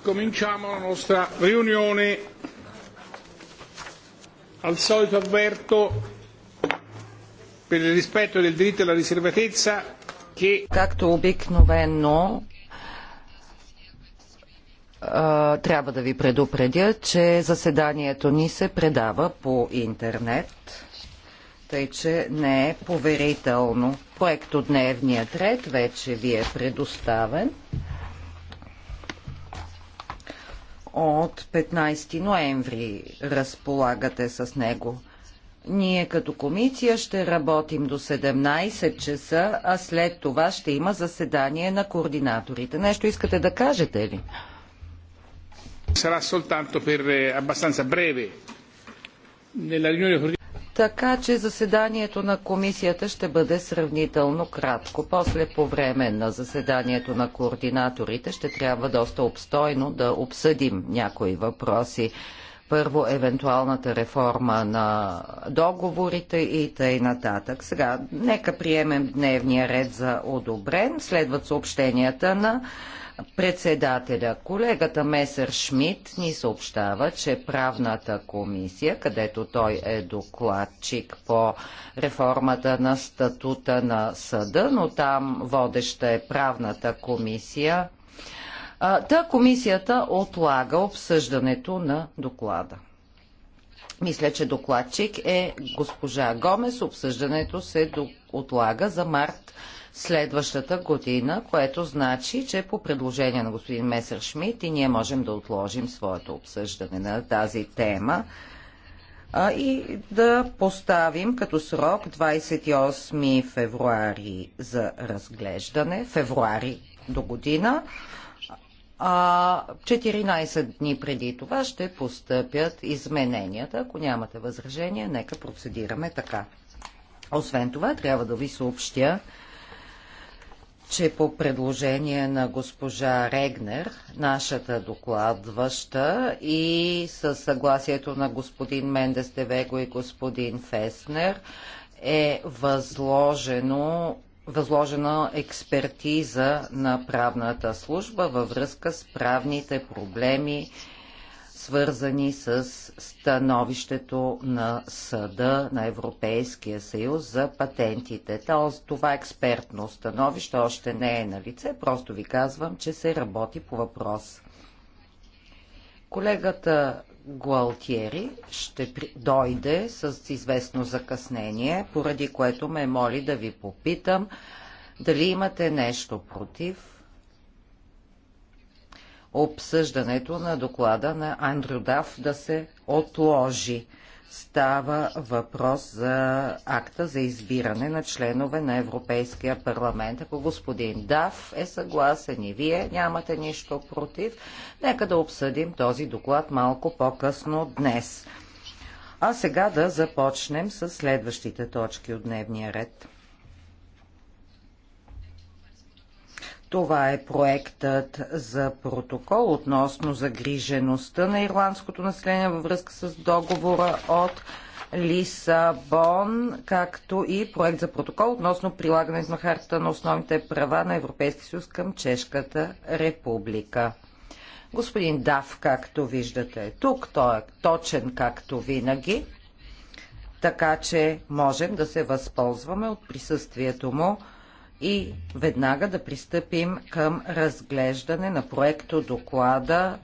Cominciamo la nostra riunione. Al solito avverto per il rispetto del diritto alla riservatezza che... Както обикновено трябва да ви предупредя, че заседанието ни се предава по интернет, тъй че не е поверително. Проект от дневният ред вече ви е предоставен. от 15 ноември разполагате с него. Ние като комисия ще работим до 17 часа, а след това ще има заседание на координаторите. Нещо искате да кажете ли? Сара soltanto per eh, abbastanza breve. Nella riunione така че заседанието на комисията ще бъде сравнително кратко. После по време на заседанието на координаторите ще трябва доста обстойно да обсъдим някои въпроси. Първо, евентуалната реформа на договорите и тъй нататък. Сега, нека приемем дневния ред за одобрен. Следват съобщенията на председателя. Колегата Месер Шмидт ни съобщава, че правната комисия, където той е докладчик по реформата на статута на съда, но там водеща е правната комисия, та комисията отлага обсъждането на доклада. Мисля, че докладчик е госпожа Гомес. Обсъждането се отлага за март следващата година, което значи, че по предложение на господин Месер Шмидт и ние можем да отложим своето обсъждане на тази тема а, и да поставим като срок 28 февруари за разглеждане, февруари до година, а 14 дни преди това ще постъпят измененията. Ако нямате възражения, нека процедираме така. Освен това, трябва да ви съобщя, че по предложение на госпожа Регнер, нашата докладваща и със съгласието на господин Мендес Девего и господин Феснер е възложено възложена експертиза на правната служба във връзка с правните проблеми, свързани с становището на Съда на Европейския съюз за патентите. Това експертно становище още не е на лице, просто ви казвам, че се работи по въпрос. Колегата Гуалтиери ще дойде с известно закъснение, поради което ме моли да ви попитам дали имате нещо против обсъждането на доклада на Андрю Даф да се отложи. Става въпрос за акта за избиране на членове на Европейския парламент. Ако господин Дав е съгласен и вие нямате нищо против, нека да обсъдим този доклад малко по-късно днес. А сега да започнем с следващите точки от дневния ред. Това е проектът за протокол относно загрижеността на ирландското население във връзка с договора от Лисабон, както и проект за протокол относно прилагането на хартата на основните права на Европейския съюз към Чешката република. Господин Дав, както виждате, е тук. Той е точен, както винаги. Така че можем да се възползваме от присъствието му и веднага да пристъпим към разглеждане на проекто доклада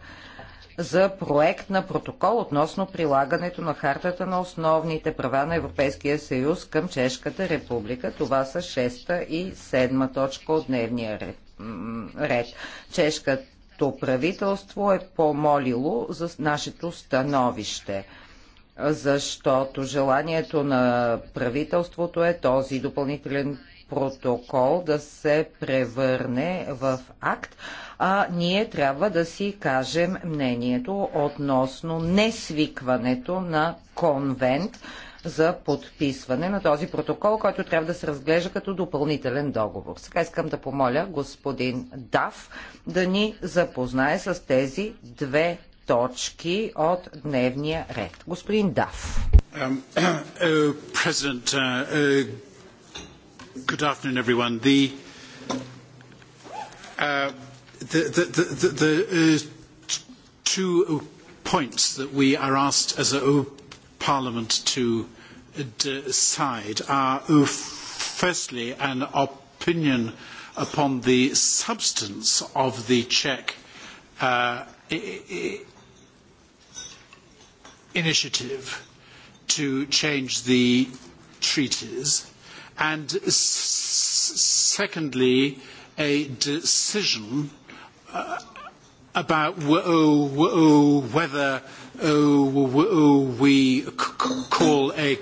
за проект на протокол относно прилагането на хартата на основните права на Европейския съюз към Чешката република. Това са 6 и 7 точка от дневния ред. Чешкото правителство е помолило за нашето становище защото желанието на правителството е този допълнителен протокол да се превърне в акт, а ние трябва да си кажем мнението относно несвикването на конвент за подписване на този протокол, който трябва да се разглежда като допълнителен договор. Сега искам да помоля господин Дав да ни запознае с тези две точки от дневния ред. Господин Дав. Um, uh, Good afternoon, everyone. The two points that we are asked as a Parliament to decide are firstly an opinion upon the substance of the Czech initiative to change the treaties and secondly, a decision about whether we call a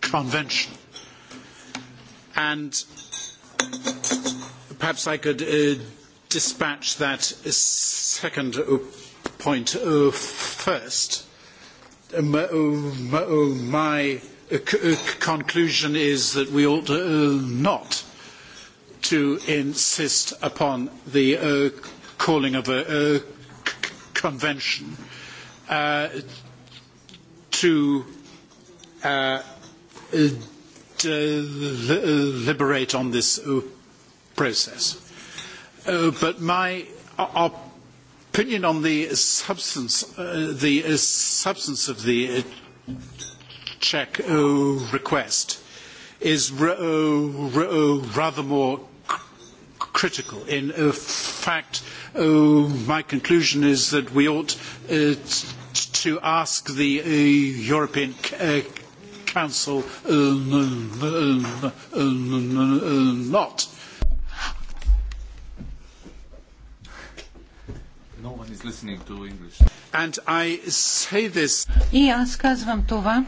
convention. And perhaps I could dispatch that second point first. My conclusion is that we ought not to insist upon the calling of a convention to deliberate on this process. But my opinion on the substance, the substance of the check request is rather more critical. In fact, my conclusion is that we ought to ask the European Council not. And I say this. И аз казвам това,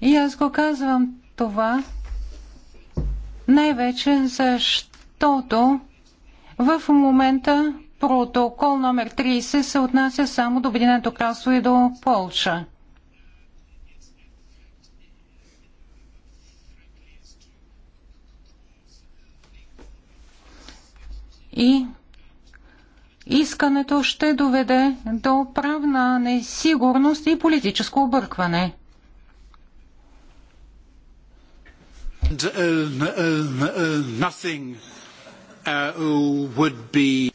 и аз го казвам това най-вече защото в момента протокол номер 30 се отнася само до Обединеното кралство и до Полша. И искането ще доведе до правна несигурност и политическо объркване. Uh, uh, uh,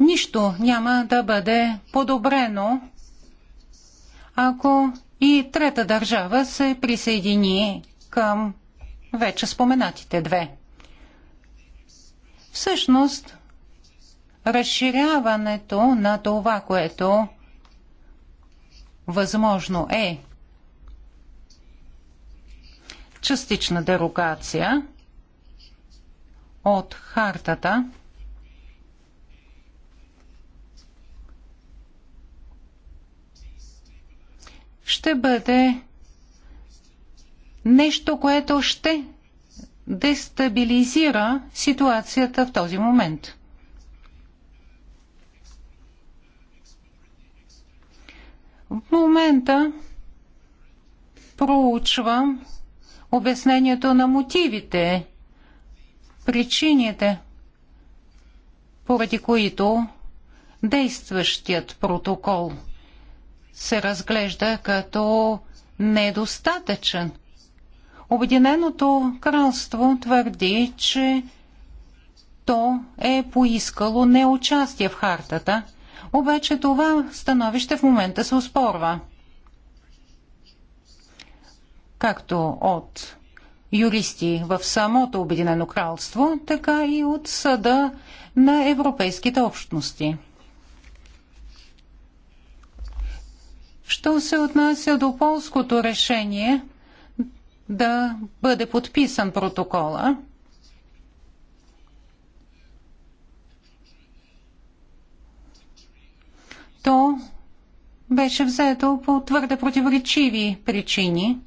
Нищо няма да бъде подобрено, ако и трета държава се присъедини към вече споменатите две. Всъщност, разширяването на това, което възможно е частична дерогация от хартата, ще бъде нещо, което ще дестабилизира ситуацията в този момент. В момента проучвам обяснението на мотивите, причините, поради които действащият протокол се разглежда като недостатъчен. Обединеното кралство твърди, че то е поискало неучастие в хартата, обаче това становище в момента се успорва. Както от юристи в самото Обединено кралство, така и от съда на европейските общности. Що се отнася до полското решение, да бъде подписан протокола. То беше взето по твърде противоречиви причини.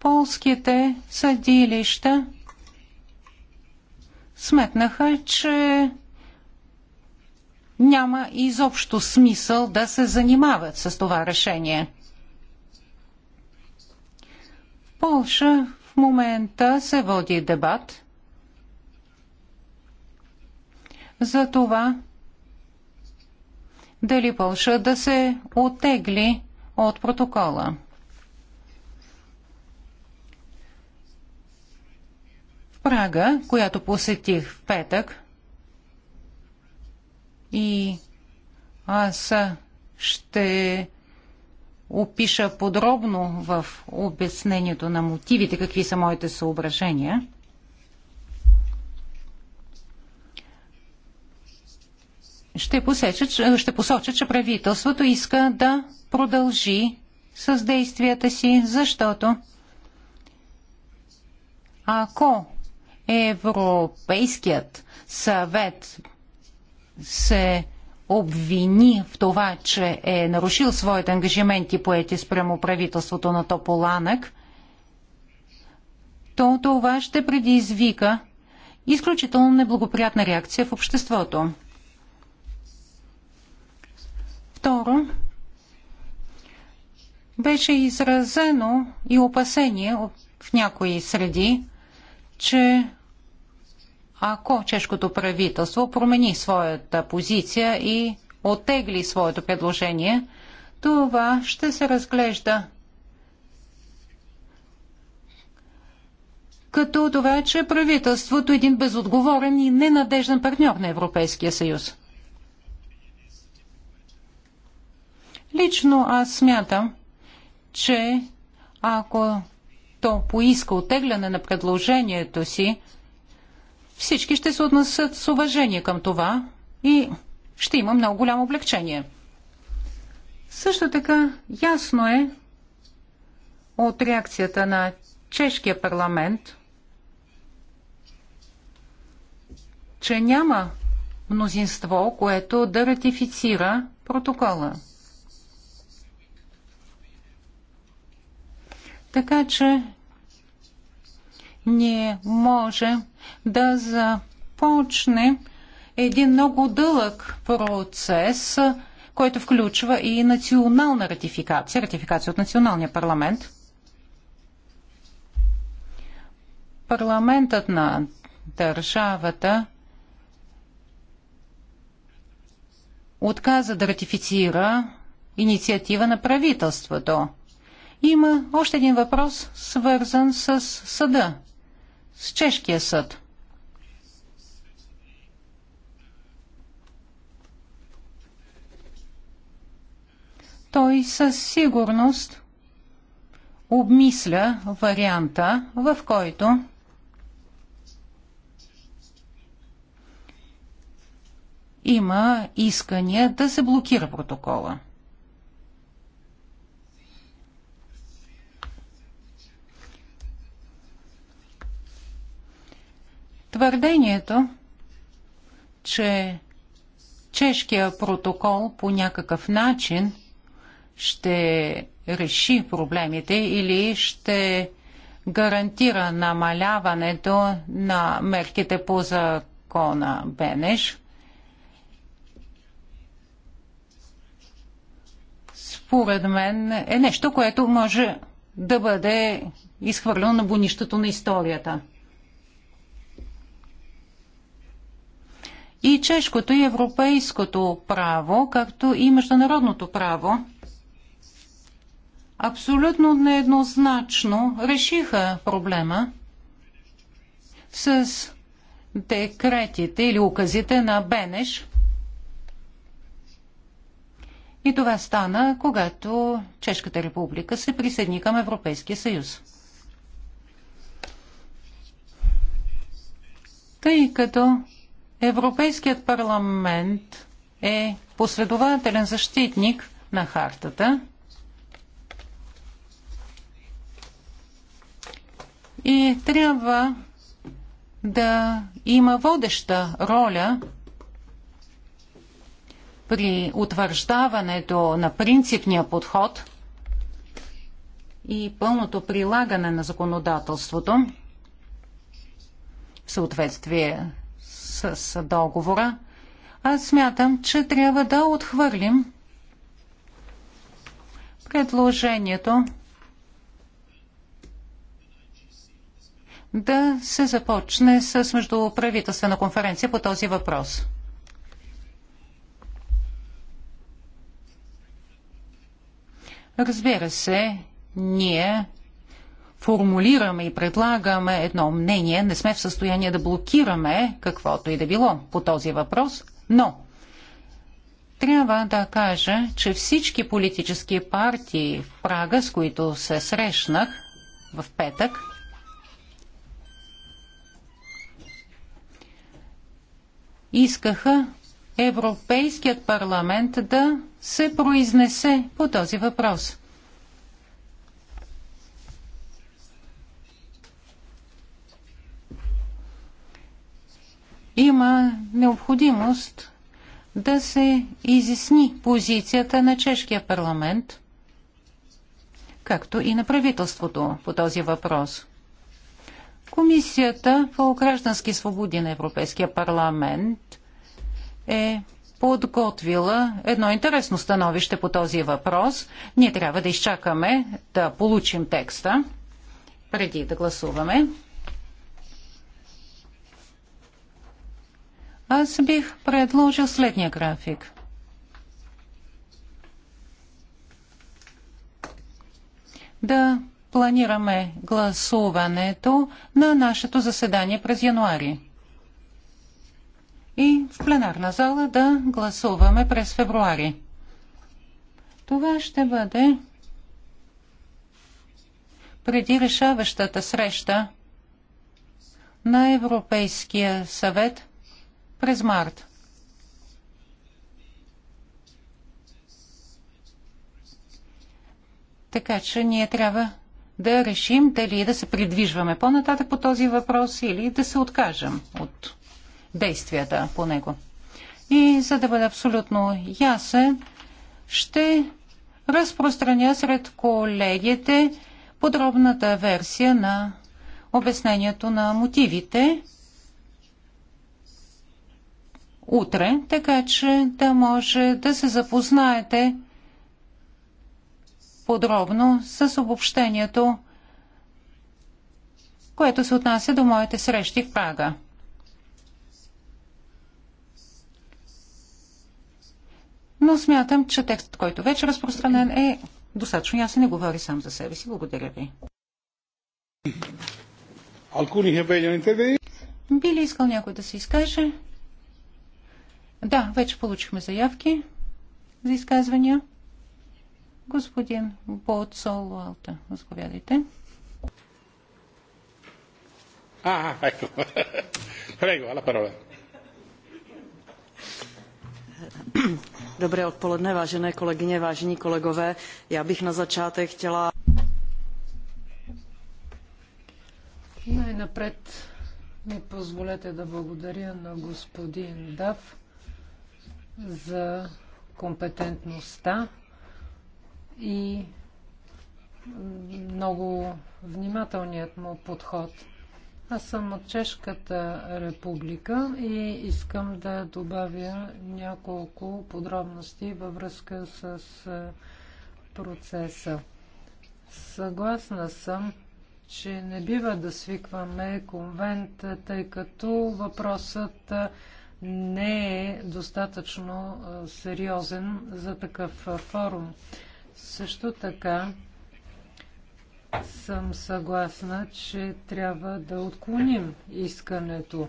Полските съдилища сметнаха, че няма изобщо смисъл да се занимават с това решение. Полша в момента се води дебат за това дали Полша да се отегли от протокола. В Прага, която посетих в петък, и аз ще опиша подробно в обяснението на мотивите, какви са моите съображения. Ще, посеча, ще посоча, че правителството иска да продължи с действията си, защото ако Европейският съвет се обвини в това, че е нарушил своите ангажименти поети спрямо правителството на Тополанък, то това ще предизвика изключително неблагоприятна реакция в обществото. Второ, беше изразено и опасение в някои среди, че ако чешкото правителство промени своята позиция и отегли своето предложение, това ще се разглежда като това, че правителството е един безотговорен и ненадежден партньор на Европейския съюз. Лично аз смятам, че ако то поиска отегляне на предложението си, всички ще се отнесат с уважение към това и ще има много голямо облегчение. Също така ясно е от реакцията на чешкия парламент, че няма мнозинство, което да ратифицира протокола. Така че ние можем да започне един много дълъг процес, който включва и национална ратификация, ратификация от националния парламент. Парламентът на държавата отказа да ратифицира инициатива на правителството. Има още един въпрос, свързан с съда с чешкия съд. Той със сигурност обмисля варианта, в който има искания да се блокира протокола. Твърдението, че чешкия протокол по някакъв начин ще реши проблемите или ще гарантира намаляването на мерките по закона Бенеш. Според мен е нещо, което може да бъде изхвърлено на бунището на историята. и чешкото и европейското право, както и международното право, абсолютно нееднозначно решиха проблема с декретите или указите на Бенеш. И това стана, когато Чешката република се присъедини към Европейския съюз. Тъй като Европейският парламент е последователен защитник на хартата и трябва да има водеща роля при утвърждаването на принципния подход и пълното прилагане на законодателството в съответствие с договора, аз смятам, че трябва да отхвърлим предложението да се започне с междуправителствена конференция по този въпрос. Разбира се, ние формулираме и предлагаме едно мнение, не сме в състояние да блокираме каквото и да било по този въпрос, но трябва да кажа, че всички политически партии в Прага, с които се срещнах в петък, искаха Европейският парламент да се произнесе по този въпрос – има необходимост да се изясни позицията на чешкия парламент, както и на правителството по този въпрос. Комисията по граждански свободи на Европейския парламент е подготвила едно интересно становище по този въпрос. Ние трябва да изчакаме да получим текста преди да гласуваме. Аз бих предложил следния график. Да планираме гласуването на нашето заседание през януари. И в пленарна зала да гласуваме през февруари. Това ще бъде преди решаващата среща на Европейския съвет през март. Така че ние трябва да решим дали да се придвижваме по-нататък по този въпрос или да се откажем от действията по него. И за да бъда абсолютно ясен, ще разпространя сред колегите подробната версия на обяснението на мотивите утре, така че да може да се запознаете подробно с обобщението, което се отнася до моите срещи в Прага. Но смятам, че текстът, който вече е разпространен, е достатъчно ясен и говори сам за себе си. Благодаря ви. Би ли искал някой да се изкаже? Да, вече получихме заявки за изказвания. Господин Боцол Алта, заповядайте. А, ето. Прего, ала парола. Dobré odpoledne, vážené kolegyně, vážení kolegové. Já bych na začátek chtěla... най mi pozvolete, da да благодаря на господин Дав за компетентността и много внимателният му подход. Аз съм от Чешката република и искам да добавя няколко подробности във връзка с процеса. Съгласна съм, че не бива да свикваме конвент, тъй като въпросът не е достатъчно сериозен за такъв форум. Също така съм съгласна, че трябва да отклоним искането.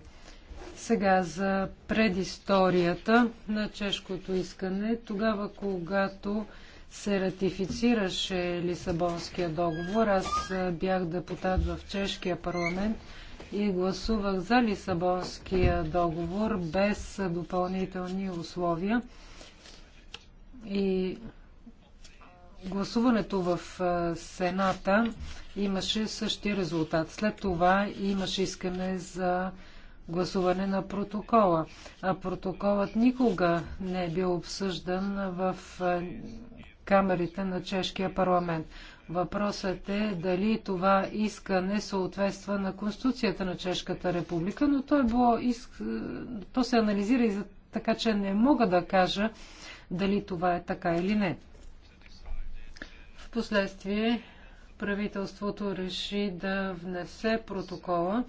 Сега за предисторията на чешкото искане, тогава когато се ратифицираше Лисабонския договор, аз бях депутат в чешкия парламент – и гласувах за Лисабонския договор без допълнителни условия. И гласуването в Сената имаше същия резултат. След това имаше искане за гласуване на протокола. А протоколът никога не е бил обсъждан в камерите на чешкия парламент. Въпросът е дали това искане съответства на Конституцията на Чешката република, но то, е било, иск... то се анализира и за... така, че не мога да кажа дали това е така или не. Впоследствие правителството реши да внесе протокола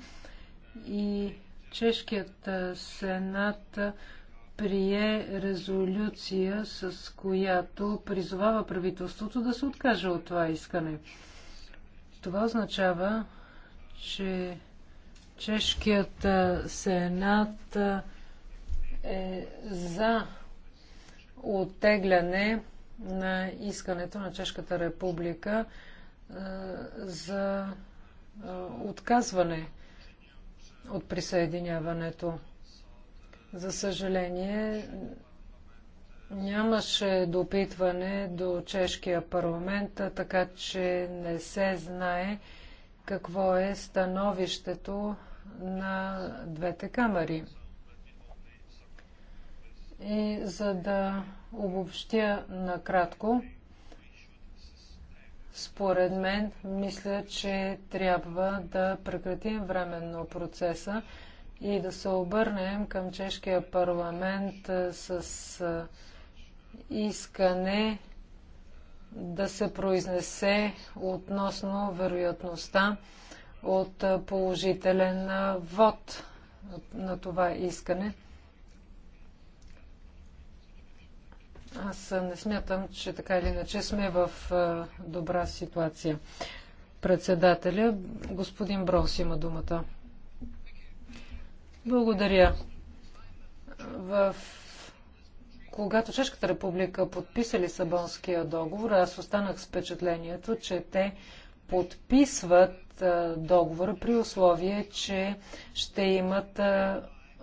и чешкият сенат прие резолюция, с която призовава правителството да се откаже от това искане. Това означава, че Чешкият сенат е за оттегляне на искането на Чешката република за отказване от присъединяването. За съжаление, нямаше допитване до чешкия парламент, така че не се знае какво е становището на двете камери. И за да обобщя накратко, според мен, мисля, че трябва да прекратим временно процеса и да се обърнем към чешкия парламент с искане да се произнесе относно вероятността от положителен вод на това искане. Аз не смятам, че така или иначе сме в добра ситуация. Председателя, господин Брос има думата. Благодаря. В... Когато Чешката република подписа Лисабонския договор, аз останах с впечатлението, че те подписват договора при условие, че ще имат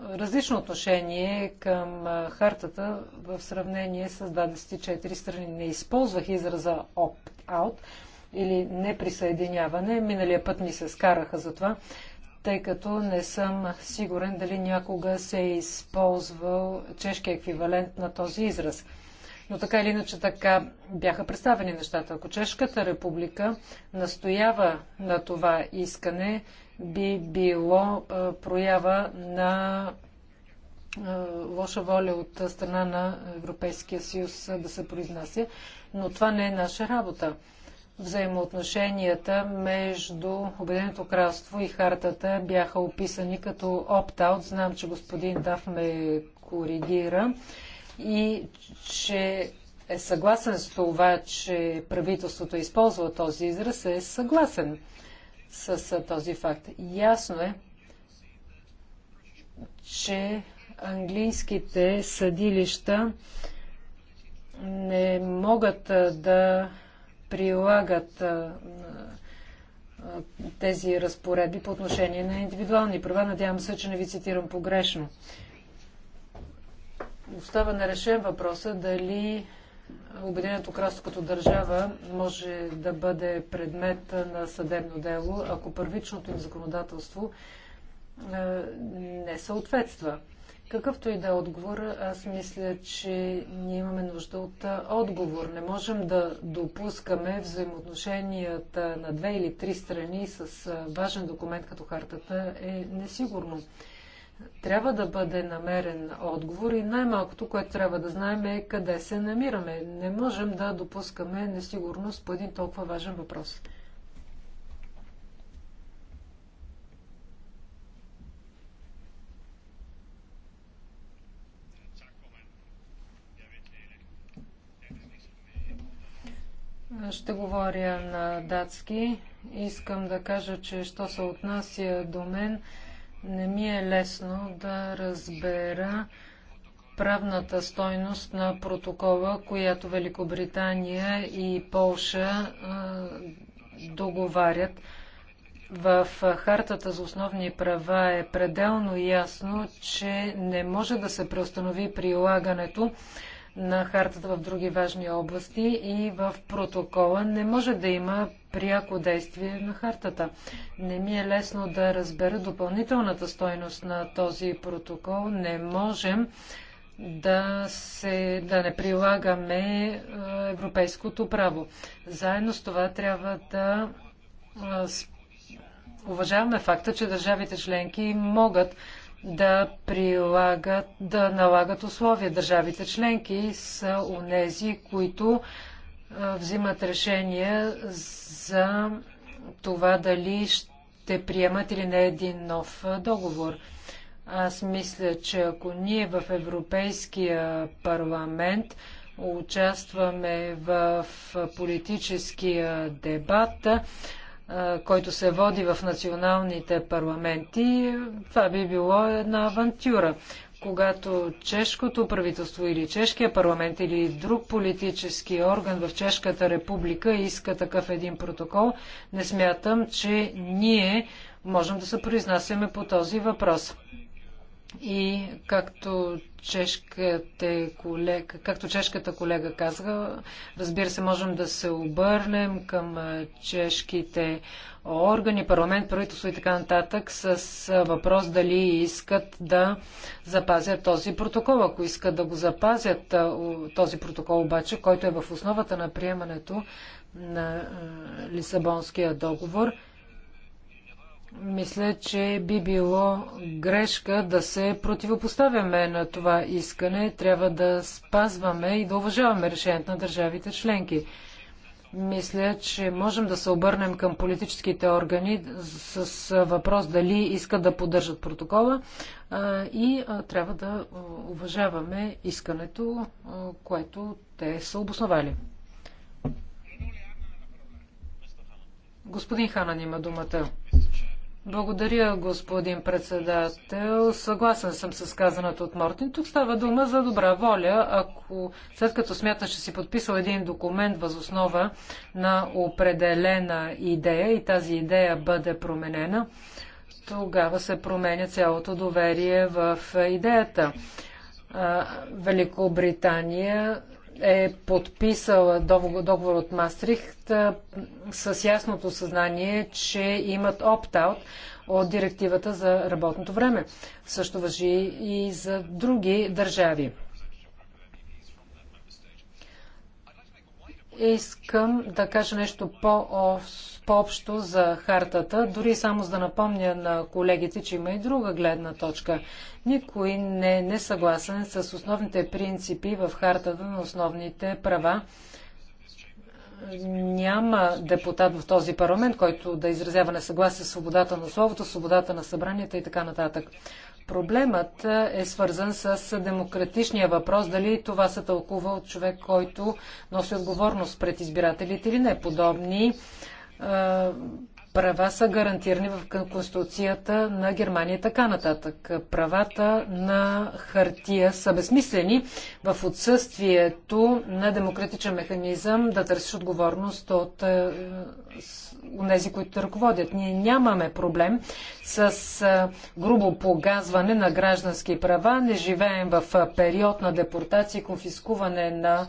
различно отношение към хартата в сравнение с 24 страни. Не използвах израза opt-out или неприсъединяване. Миналия път ми се скараха за това тъй като не съм сигурен дали някога се е използвал чешки еквивалент на този израз. Но така или иначе така бяха представени нещата. Ако Чешката република настоява на това искане, би било а, проява на а, лоша воля от страна на Европейския съюз да се произнася, но това не е наша работа. Взаимоотношенията между Обединеното кралство и хартата бяха описани като опт-аут. Знам, че господин Дав ме коригира и че е съгласен с това, че правителството е използва този израз, е съгласен с този факт. Ясно е, че английските съдилища не могат да прилагат тези разпоредби по отношение на индивидуални права. Надявам се, че не ви цитирам погрешно. Остава нарешен въпроса дали Обединеното кралство като държава може да бъде предмет на съдебно дело, ако първичното им законодателство не съответства. Какъвто и да е отговор, аз мисля, че ние имаме нужда от отговор. Не можем да допускаме взаимоотношенията на две или три страни с важен документ като хартата е несигурно. Трябва да бъде намерен отговор и най-малкото, което трябва да знаем е къде се намираме. Не можем да допускаме несигурност по един толкова важен въпрос. Ще говоря на датски. Искам да кажа, че що се отнася до мен, не ми е лесно да разбера правната стойност на протокола, която Великобритания и Полша договарят. В Хартата за основни права е пределно ясно, че не може да се преустанови прилагането на хартата в други важни области и в протокола не може да има пряко действие на хартата. Не ми е лесно да разбера допълнителната стойност на този протокол. Не можем да, се, да не прилагаме е, европейското право. Заедно с това трябва да уважаваме факта, че държавите членки могат да прилагат, да налагат условия. Държавите членки са унези, които взимат решения за това дали ще приемат или не един нов договор. Аз мисля, че ако ние в Европейския парламент участваме в политическия дебат, който се води в националните парламенти, това би било една авантюра. Когато чешкото правителство или чешкия парламент или друг политически орган в Чешката република иска такъв един протокол, не смятам, че ние можем да се произнасяме по този въпрос. И както чешката, колега, както чешката колега казва, разбира се, можем да се обърнем към чешките органи, парламент, правителство и така нататък с въпрос дали искат да запазят този протокол. Ако искат да го запазят този протокол обаче, който е в основата на приемането на Лисабонския договор – мисля, че би било грешка да се противопоставяме на това искане. Трябва да спазваме и да уважаваме решението на държавите членки. Мисля, че можем да се обърнем към политическите органи с въпрос дали искат да поддържат протокола и трябва да уважаваме искането, което те са обосновали. Господин Ханан има думата. Благодаря, господин председател. Съгласен съм с казаното от Мортин. Тук става дума за добра воля. Ако след като смяташ, че си подписал един документ възоснова на определена идея и тази идея бъде променена, тогава се променя цялото доверие в идеята. Великобритания е подписала договор, договор от Мастрихт с ясното съзнание, че имат опт-аут от директивата за работното време. Също въжи и за други държави. Искам да кажа нещо по-общо общо за хартата, дори само за да напомня на колегите, че има и друга гледна точка. Никой не е несъгласен с основните принципи в хартата на основните права. Няма депутат в този парламент, който да изразява несъгласие с свободата на словото, свободата на събранията и така нататък. Проблемът е свързан с демократичния въпрос, дали това се тълкува от човек, който носи отговорност пред избирателите или не. Подобни права са гарантирани в Конституцията на Германия и така нататък. Правата на хартия са безсмислени в отсъствието на демократичен механизъм да търсиш отговорност от тези, които ръководят. Ние нямаме проблем с грубо погазване на граждански права. Не живеем в период на депортация конфискуване на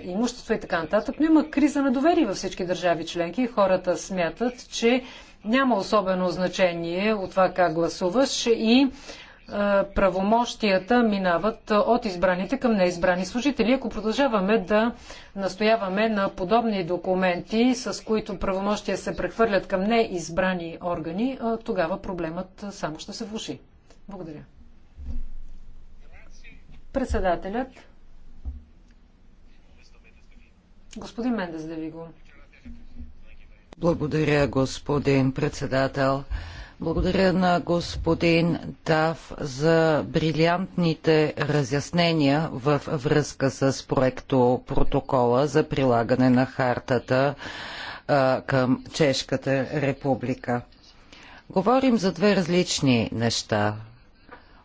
имущество и така нататък, но има криза на доверие във всички държави членки и хората смятат, че няма особено значение от това как гласуваш и правомощията минават от избраните към неизбрани служители. Ако продължаваме да настояваме на подобни документи, с които правомощия се прехвърлят към неизбрани органи, тогава проблемът само ще се влуши. Благодаря. Председателят Господин Мендес да ви го. Благодаря, господин председател. Благодаря на господин Дав за брилянтните разяснения в връзка с проекто протокола за прилагане на хартата а, към Чешката република. Говорим за две различни неща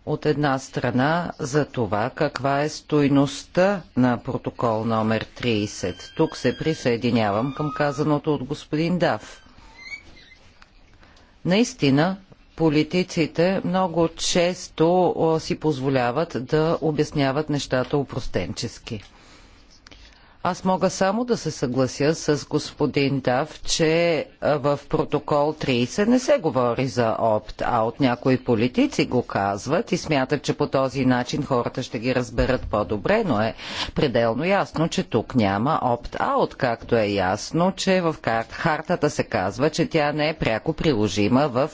от една страна за това каква е стойността на протокол номер 30. Тук се присъединявам към казаното от господин Дав. Наистина, политиците много често си позволяват да обясняват нещата упростенчески. Аз мога само да се съглася с господин Дав, че в протокол 30 не се говори за опт, а от някои политици го казват и смятат, че по този начин хората ще ги разберат по-добре, но е пределно ясно, че тук няма опт-аут, както е ясно, че в хартата се казва, че тя не е пряко приложима в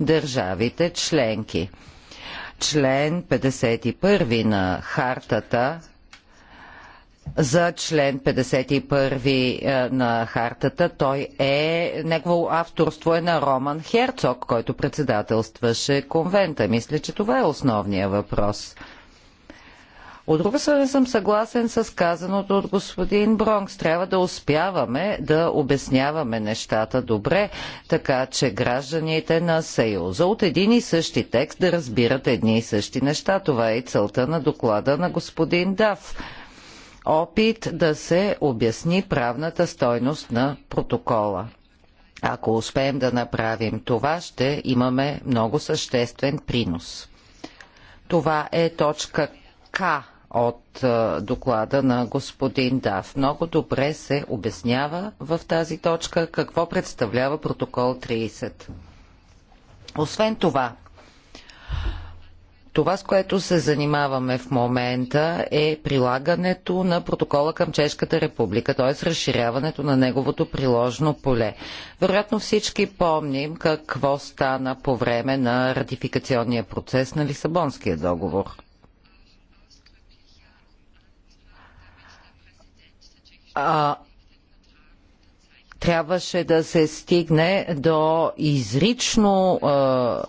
държавите членки. Член 51 на хартата за член 51 е, на хартата. Той е, негово авторство е на Роман Херцог, който председателстваше конвента. Мисля, че това е основният въпрос. От друга страна съм съгласен с казаното от господин Бронкс. Трябва да успяваме да обясняваме нещата добре, така че гражданите на Съюза от един и същи текст да разбират едни и същи неща. Това е и целта на доклада на господин Дав опит да се обясни правната стойност на протокола. Ако успеем да направим това, ще имаме много съществен принос. Това е точка К от е, доклада на господин Дав. Много добре се обяснява в тази точка какво представлява протокол 30. Освен това, това, с което се занимаваме в момента е прилагането на протокола към Чешката република, т.е. разширяването на неговото приложно поле. Вероятно всички помним какво стана по време на ратификационния процес на Лисабонския договор. А, трябваше да се стигне до изрично,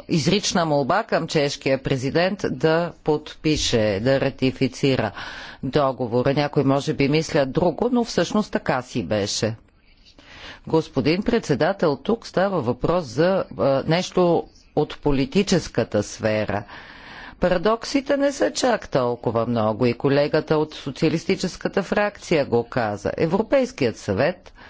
изрична молба към чешкия президент да подпише, да ратифицира договора. Някой може би мисля друго, но всъщност така си беше. Господин председател, тук става въпрос за нещо от политическата сфера. Парадоксите не са чак толкова много и колегата от социалистическата фракция го каза. Европейският съвет –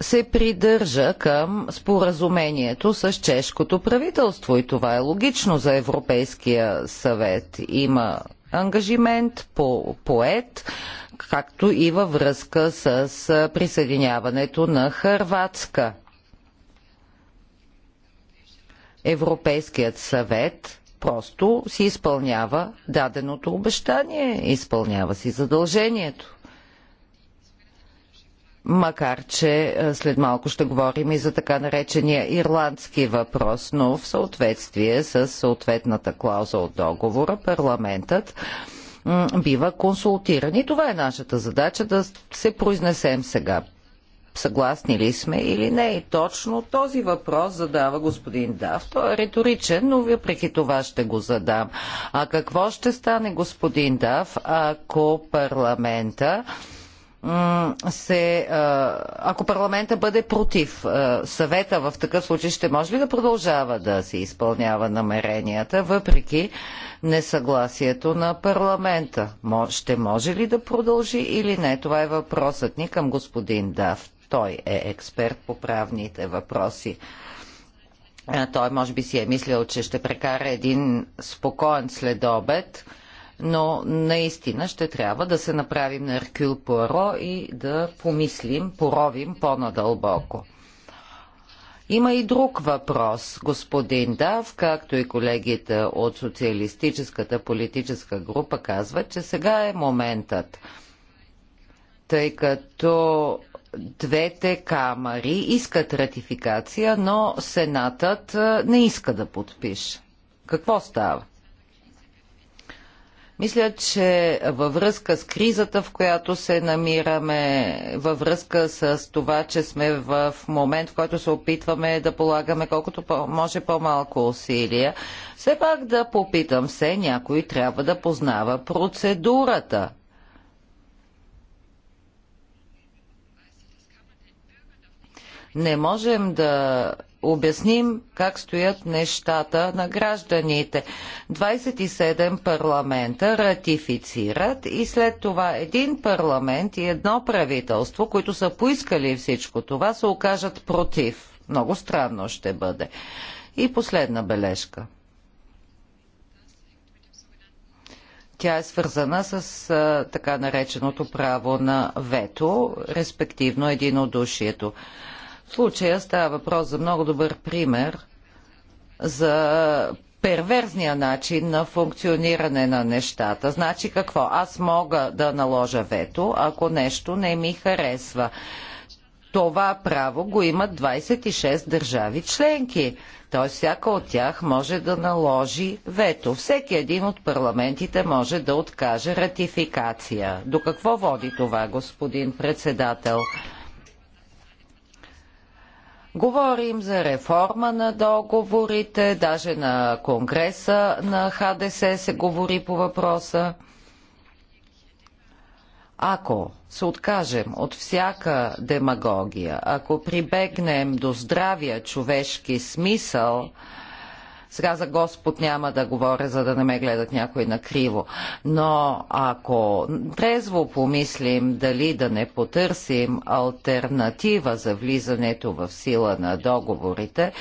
се придържа към споразумението с чешкото правителство и това е логично за Европейския съвет. Има ангажимент по поет, както и във връзка с присъединяването на Хърватска. Европейският съвет просто си изпълнява даденото обещание, изпълнява си задължението макар че е, след малко ще говорим и за така наречения ирландски въпрос, но в съответствие с съответната клауза от договора парламентът бива консултиран. И това е нашата задача да се произнесем сега. Съгласни ли сме или не? И точно този въпрос задава господин Дав. Той е риторичен, но въпреки това ще го задам. А какво ще стане, господин Дав, ако парламента се, ако парламента бъде против съвета в такъв случай, ще може ли да продължава да се изпълнява намеренията, въпреки несъгласието на парламента? Ще може ли да продължи или не? Това е въпросът ни към господин Дав. Той е експерт по правните въпроси. Той може би си е мислил, че ще прекара един спокоен следобед но наистина ще трябва да се направим на Еркюл Пуаро и да помислим, поровим по-надълбоко. Има и друг въпрос, господин Дав, както и колегите от социалистическата политическа група казват, че сега е моментът, тъй като двете камари искат ратификация, но Сенатът не иска да подпише. Какво става? Мисля, че във връзка с кризата, в която се намираме, във връзка с това, че сме в момент, в който се опитваме да полагаме колкото може по-малко усилия, все пак да попитам се, някой трябва да познава процедурата. Не можем да обясним как стоят нещата на гражданите. 27 парламента ратифицират и след това един парламент и едно правителство, които са поискали всичко това, се окажат против. Много странно ще бъде. И последна бележка. Тя е свързана с а, така нареченото право на вето, респективно единодушието. В случая става въпрос за много добър пример за перверзния начин на функциониране на нещата. Значи какво? Аз мога да наложа вето, ако нещо не ми харесва. Това право го имат 26 държави членки. Т.е. всяка от тях може да наложи вето. Всеки един от парламентите може да откаже ратификация. До какво води това, господин председател? Говорим за реформа на договорите, даже на Конгреса на ХДС се говори по въпроса. Ако се откажем от всяка демагогия, ако прибегнем до здравия човешки смисъл, сега за Господ няма да говоря, за да не ме гледат някой накриво. Но ако трезво помислим дали да не потърсим альтернатива за влизането в сила на договорите,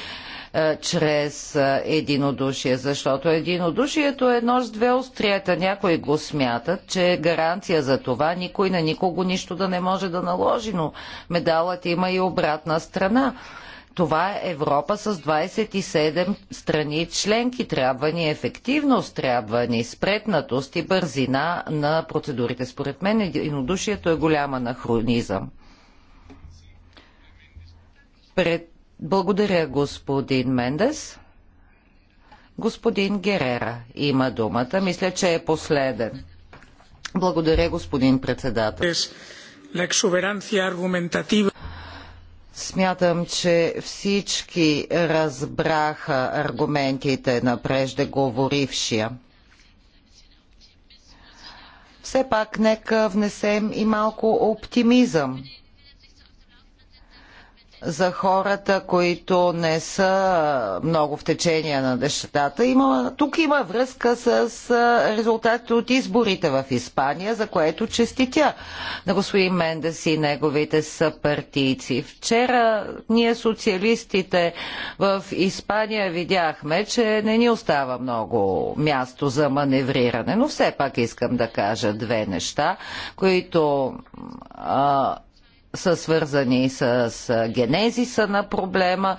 е, чрез е, единодушие, защото единодушието е едно с две острията. Някои го смятат, че е гаранция за това никой на никого нищо да не може да наложи, но медалът има и обратна страна. Това е Европа с 27 страни членки. Трябва ни ефективност, трябва ни спретнатост и бързина на процедурите. Според мен единодушието е на хронизъм. Пред... Благодаря, господин Мендес. Господин Герера има думата. Мисля, че е последен. Благодаря, господин председател. Смятам, че всички разбраха аргументите на преждеговорившия. Все пак нека внесем и малко оптимизъм за хората, които не са много в течение на нещата. Има, тук има връзка с резултатите от изборите в Испания, за което честитя на господин Мендес и неговите съпартийци. Вчера ние социалистите в Испания видяхме, че не ни остава много място за маневриране, но все пак искам да кажа две неща, които а, са свързани с генезиса на проблема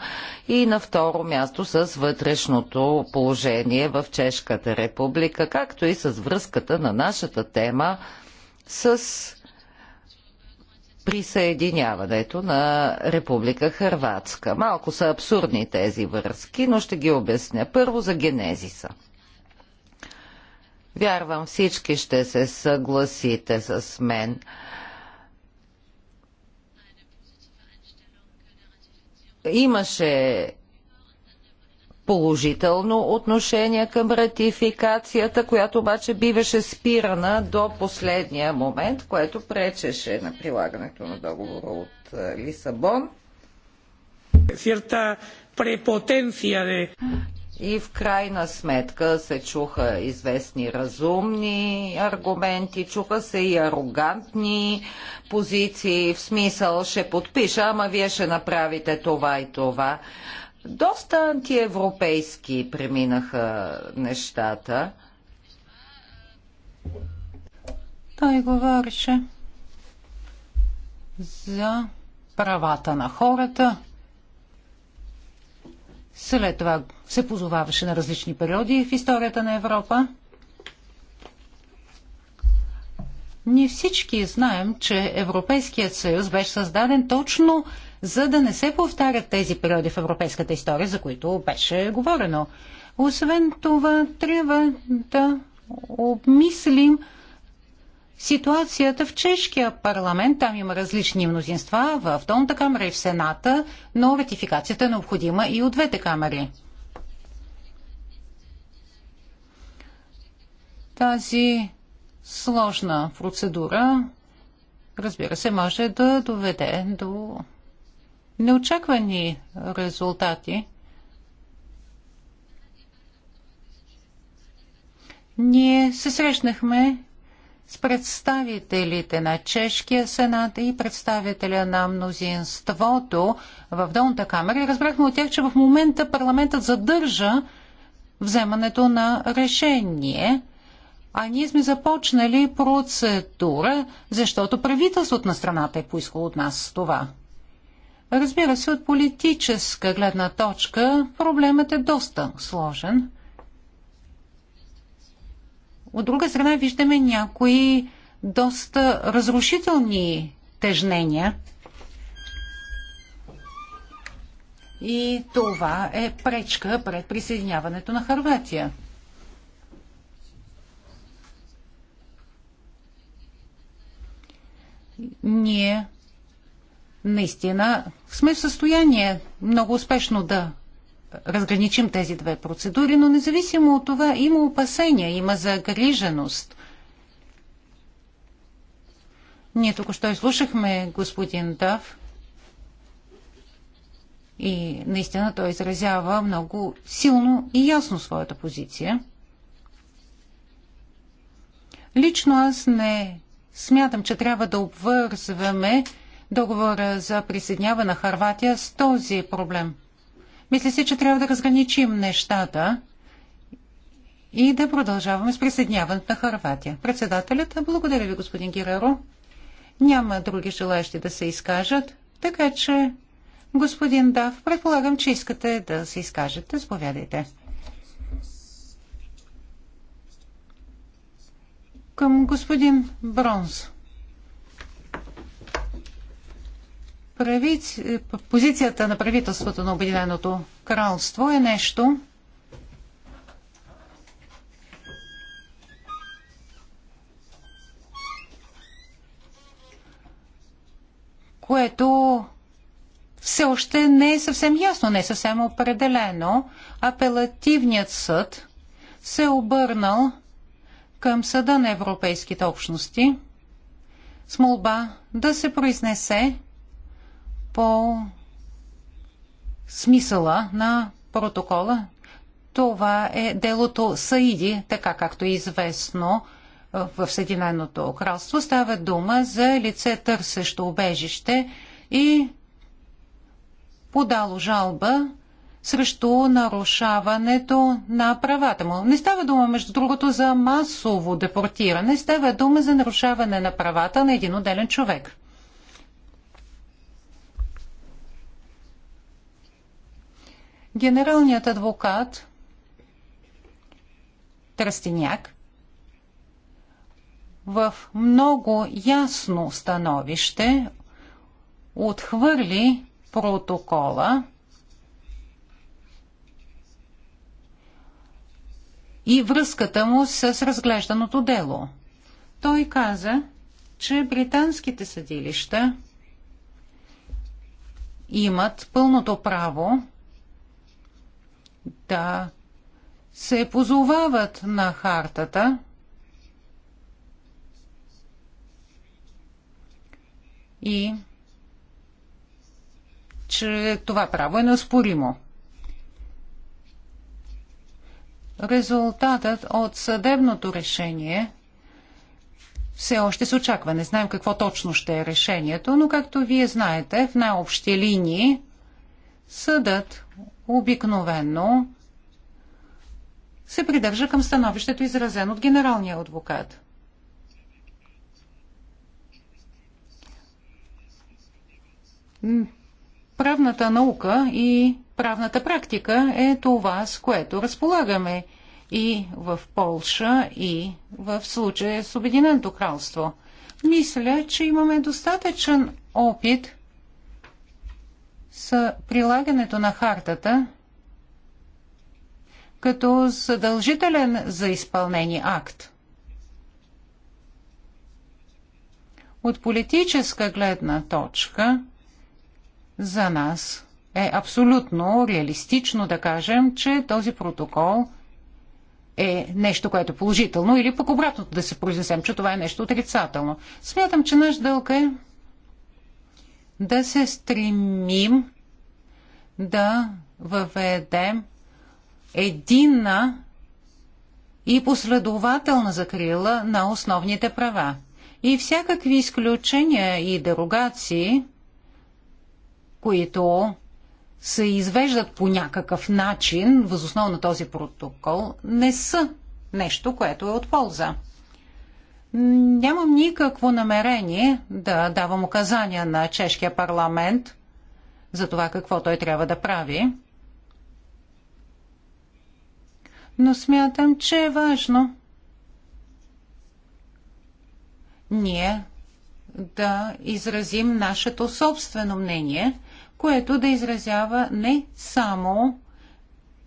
и на второ място с вътрешното положение в Чешката република, както и с връзката на нашата тема с присъединяването на Република Хърватска. Малко са абсурдни тези връзки, но ще ги обясня. Първо за генезиса. Вярвам всички ще се съгласите с мен. имаше положително отношение към ратификацията, която обаче биваше спирана до последния момент, което пречеше на прилагането на договора от е, Лисабон. И в крайна сметка се чуха известни разумни аргументи, чуха се и арогантни позиции, в смисъл ще подпиша, ама вие ще направите това и това. Доста антиевропейски преминаха нещата. Той говореше за правата на хората, след това се позоваваше на различни периоди в историята на Европа. Ние всички знаем, че Европейският съюз беше създаден точно за да не се повтарят тези периоди в европейската история, за които беше говорено. Освен това, трябва да обмислим ситуацията в чешкия парламент. Там има различни мнозинства в Долната камера и в Сената, но ратификацията е необходима и от двете камери. Тази сложна процедура, разбира се, може да доведе до неочаквани резултати. Ние се срещнахме с представителите на Чешкия сенат и представителя на мнозинството в Долната камера и разбрахме от тях, че в момента парламентът задържа вземането на решение, а ние сме започнали процедура, защото правителството на страната е поискало от нас това. Разбира се, от политическа гледна точка проблемът е доста сложен. От друга страна виждаме някои доста разрушителни тежнения. И това е пречка пред присъединяването на Харватия. Ние наистина сме в състояние много успешно да разграничим тези две процедури, но независимо от това има опасения, има загриженост. Ние тук що изслушахме господин Дав и наистина той изразява много силно и ясно своята позиция. Лично аз не смятам, че трябва да обвързваме договора за присъединяване на Харватия с този проблем – мисля си, че трябва да разграничим нещата и да продължаваме с присъединяването на Харватия. Председателят, благодаря ви, господин Гереро. Няма други желаящи да се изкажат, така че, господин Дав, предполагам, че искате да се изкажете. Заповядайте. Към господин Бронз. Позицията на правителството на Обединеното кралство е нещо, което все още не е съвсем ясно, не е съвсем определено. Апелативният съд се е обърнал към Съда на Европейските общности с молба да се произнесе по смисъла на протокола. Това е делото Саиди, така както е известно в Съединеното кралство. Става дума за лице търсещо убежище и подало жалба срещу нарушаването на правата му. Не става дума, между другото, за масово депортиране, става дума за нарушаване на правата на един отделен човек. Генералният адвокат Тръстиняк в много ясно становище отхвърли протокола и връзката му с разглежданото дело. Той каза, че британските съдилища имат пълното право да се позовават на хартата и че това право е неоспоримо. Резултатът от съдебното решение все още се очаква. Не знаем какво точно ще е решението, но както вие знаете, в най-общи линии съдът обикновено се придържа към становището, изразено от генералния адвокат. Правната наука и правната практика е това, с което разполагаме и в Полша, и в случая с Обединеното кралство. Мисля, че имаме достатъчен опит с прилагането на хартата като задължителен за изпълнение акт. От политическа гледна точка за нас е абсолютно реалистично да кажем, че този протокол е нещо, което е положително, или пък обратното да се произнесем, че това е нещо отрицателно. Смятам, че наш дълг е да се стремим да въведем единна и последователна закрила на основните права. И всякакви изключения и дерогации, които се извеждат по някакъв начин, възоснов на този протокол, не са нещо, което е от полза. Нямам никакво намерение да давам указания на чешкия парламент за това какво той трябва да прави. Но смятам, че е важно ние да изразим нашето собствено мнение, което да изразява не само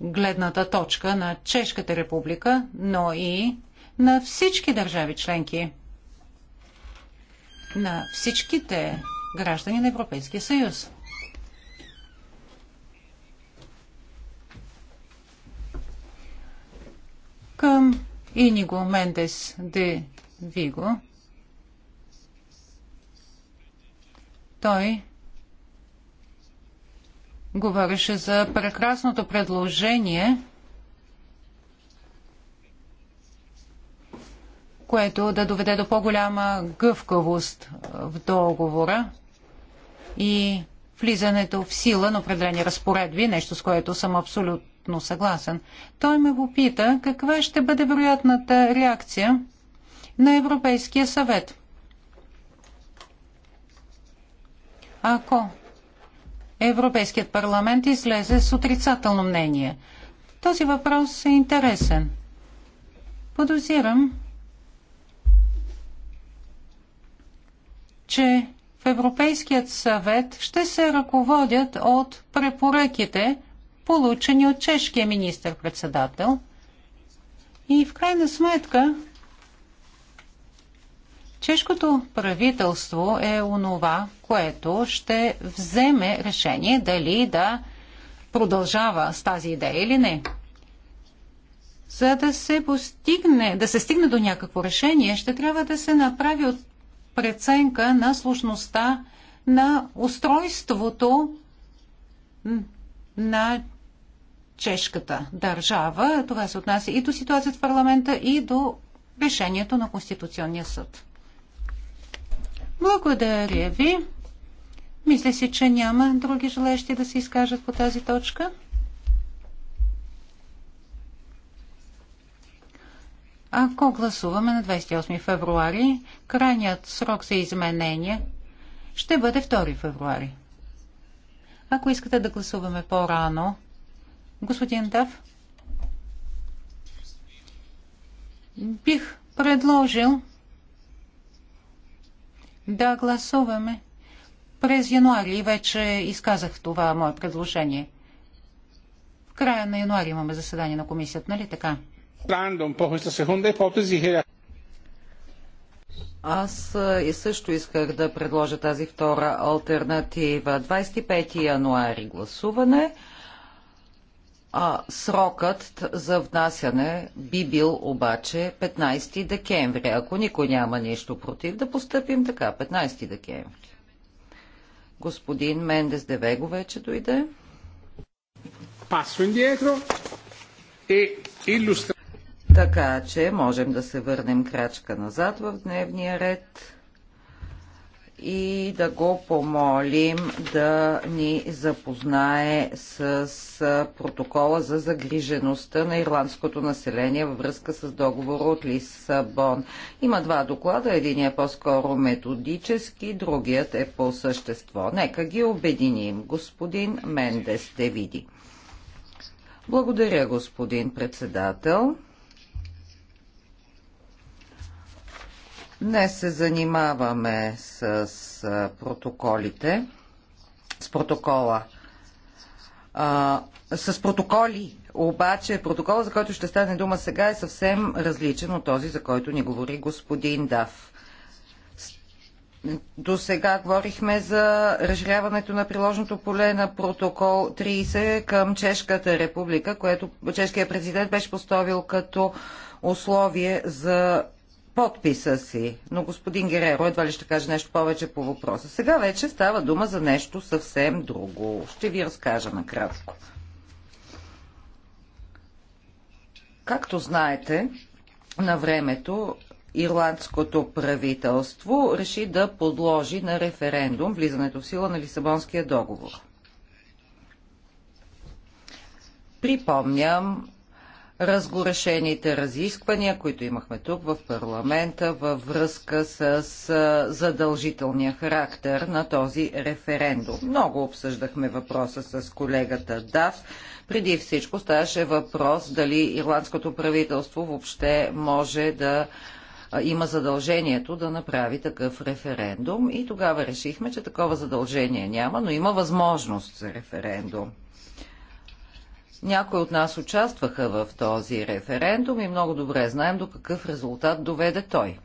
гледната точка на Чешката република, но и на всички държави членки, на всичките граждани на Европейския съюз. Към Иниго Мендес де Виго той говореше за прекрасното предложение което да доведе до по-голяма гъвкавост в договора и влизането в сила на определени разпоредби, нещо с което съм абсолютно съгласен. Той ме попита каква ще бъде вероятната реакция на Европейския съвет. Ако Европейският парламент излезе с отрицателно мнение. Този въпрос е интересен. Подозирам, че в Европейският съвет ще се ръководят от препоръките, получени от чешкия министр-председател. И в крайна сметка, чешкото правителство е онова, което ще вземе решение дали да продължава с тази идея или не. За да се постигне, да се стигне до някакво решение, ще трябва да се направи от преценка на сложността на устройството на чешката държава. Това се отнася и до ситуацията в парламента, и до решението на Конституционния съд. Благодаря ви. Мисля си, че няма други желещи да се изкажат по тази точка. Ако гласуваме на 28 февруари, крайният срок за изменение ще бъде 2 февруари. Ако искате да гласуваме по-рано, господин Дав, бих предложил да гласуваме през януари и вече изказах това мое предложение. В края на януари имаме заседание на комисията, нали така? Е Аз и също исках да предложа тази втора альтернатива. 25 януари гласуване, а срокът за внасяне би бил обаче 15 декември. Ако никой няма нищо против, да постъпим така, 15 декември. Господин Мендес Девего вече дойде. Пасо индиетро и иллюстра... Така че можем да се върнем крачка назад в дневния ред и да го помолим да ни запознае с протокола за загрижеността на ирландското население във връзка с договора от Лисабон. Има два доклада, единият е по-скоро методически, другият е по същество. Нека ги обединим. Господин Мендес те види. Благодаря, господин председател. Днес се занимаваме с протоколите, с протокола. А, с протоколи, обаче протокола, за който ще стане дума сега, е съвсем различен от този, за който ни говори господин Дав. До сега говорихме за разширяването на приложното поле на протокол 30 към Чешката република, което чешкият президент беше поставил като условие за подписа си. Но господин Гереро едва ли ще каже нещо повече по въпроса. Сега вече става дума за нещо съвсем друго. Ще ви разкажа накратко. Както знаете, на времето ирландското правителство реши да подложи на референдум влизането в сила на Лисабонския договор. Припомням разгорешените разисквания, които имахме тук в парламента във връзка с задължителния характер на този референдум. Много обсъждахме въпроса с колегата Дав. Преди всичко ставаше въпрос дали ирландското правителство въобще може да има задължението да направи такъв референдум и тогава решихме, че такова задължение няма, но има възможност за референдум. Някои от нас участваха в този референдум и много добре знаем до какъв резултат доведе той.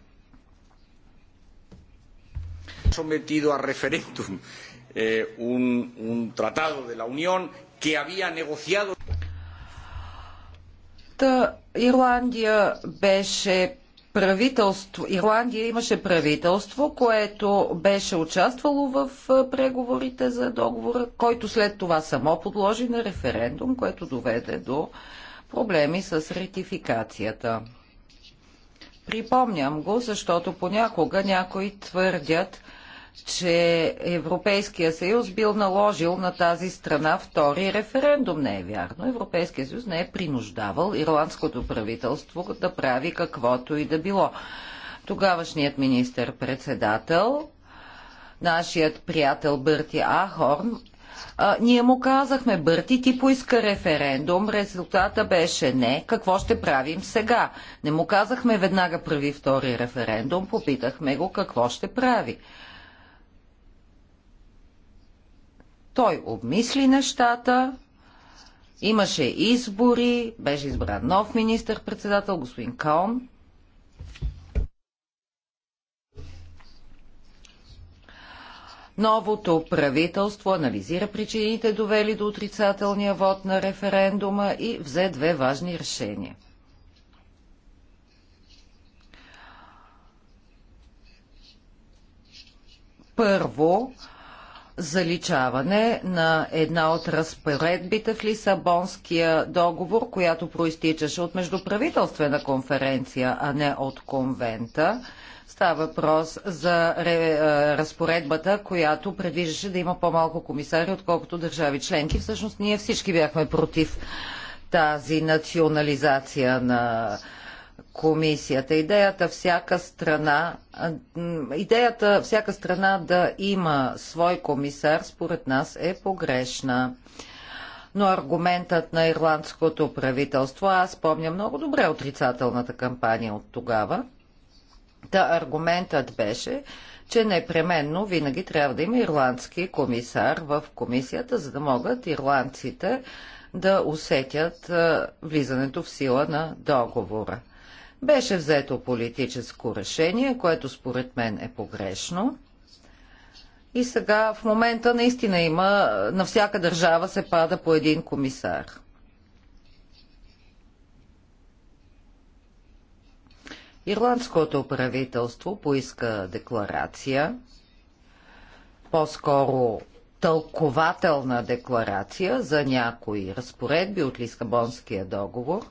a eh, un, tratado de la Unión que había negociado. Та Ирландия беше правителство, Ирландия имаше правителство, което беше участвало в преговорите за договора, който след това само подложи на референдум, което доведе до проблеми с ратификацията. Припомням го, защото понякога някои твърдят, че Европейския съюз бил наложил на тази страна втори референдум. Не е вярно. Европейския съюз не е принуждавал ирландското правителство да прави каквото и да било. Тогавашният министър-председател, нашият приятел Бърти Ахорн, а, ние му казахме, Бърти, ти поиска референдум, резултата беше не, какво ще правим сега? Не му казахме веднага прави втори референдум, попитахме го какво ще прави. Той обмисли нещата, имаше избори, беше избран нов министър-председател, господин Каон. Новото правителство анализира причините, довели до отрицателния вод на референдума и взе две важни решения. Първо, заличаване на една от разпоредбите в Лисабонския договор, която проистичаше от междуправителствена конференция, а не от конвента. Става въпрос за е, е, разпоредбата, която предвиждаше да има по-малко комисари, отколкото държави членки. Всъщност ние всички бяхме против тази национализация на комисията. Идеята всяка страна, идеята всяка страна да има свой комисар, според нас е погрешна. Но аргументът на ирландското правителство, аз помня много добре отрицателната кампания от тогава, да аргументът беше, че непременно винаги трябва да има ирландски комисар в комисията, за да могат ирландците да усетят влизането в сила на договора. Беше взето политическо решение, което според мен е погрешно. И сега в момента наистина има, на всяка държава се пада по един комисар. Ирландското правителство поиска декларация, по-скоро тълкователна декларация за някои разпоредби от Лисабонския договор,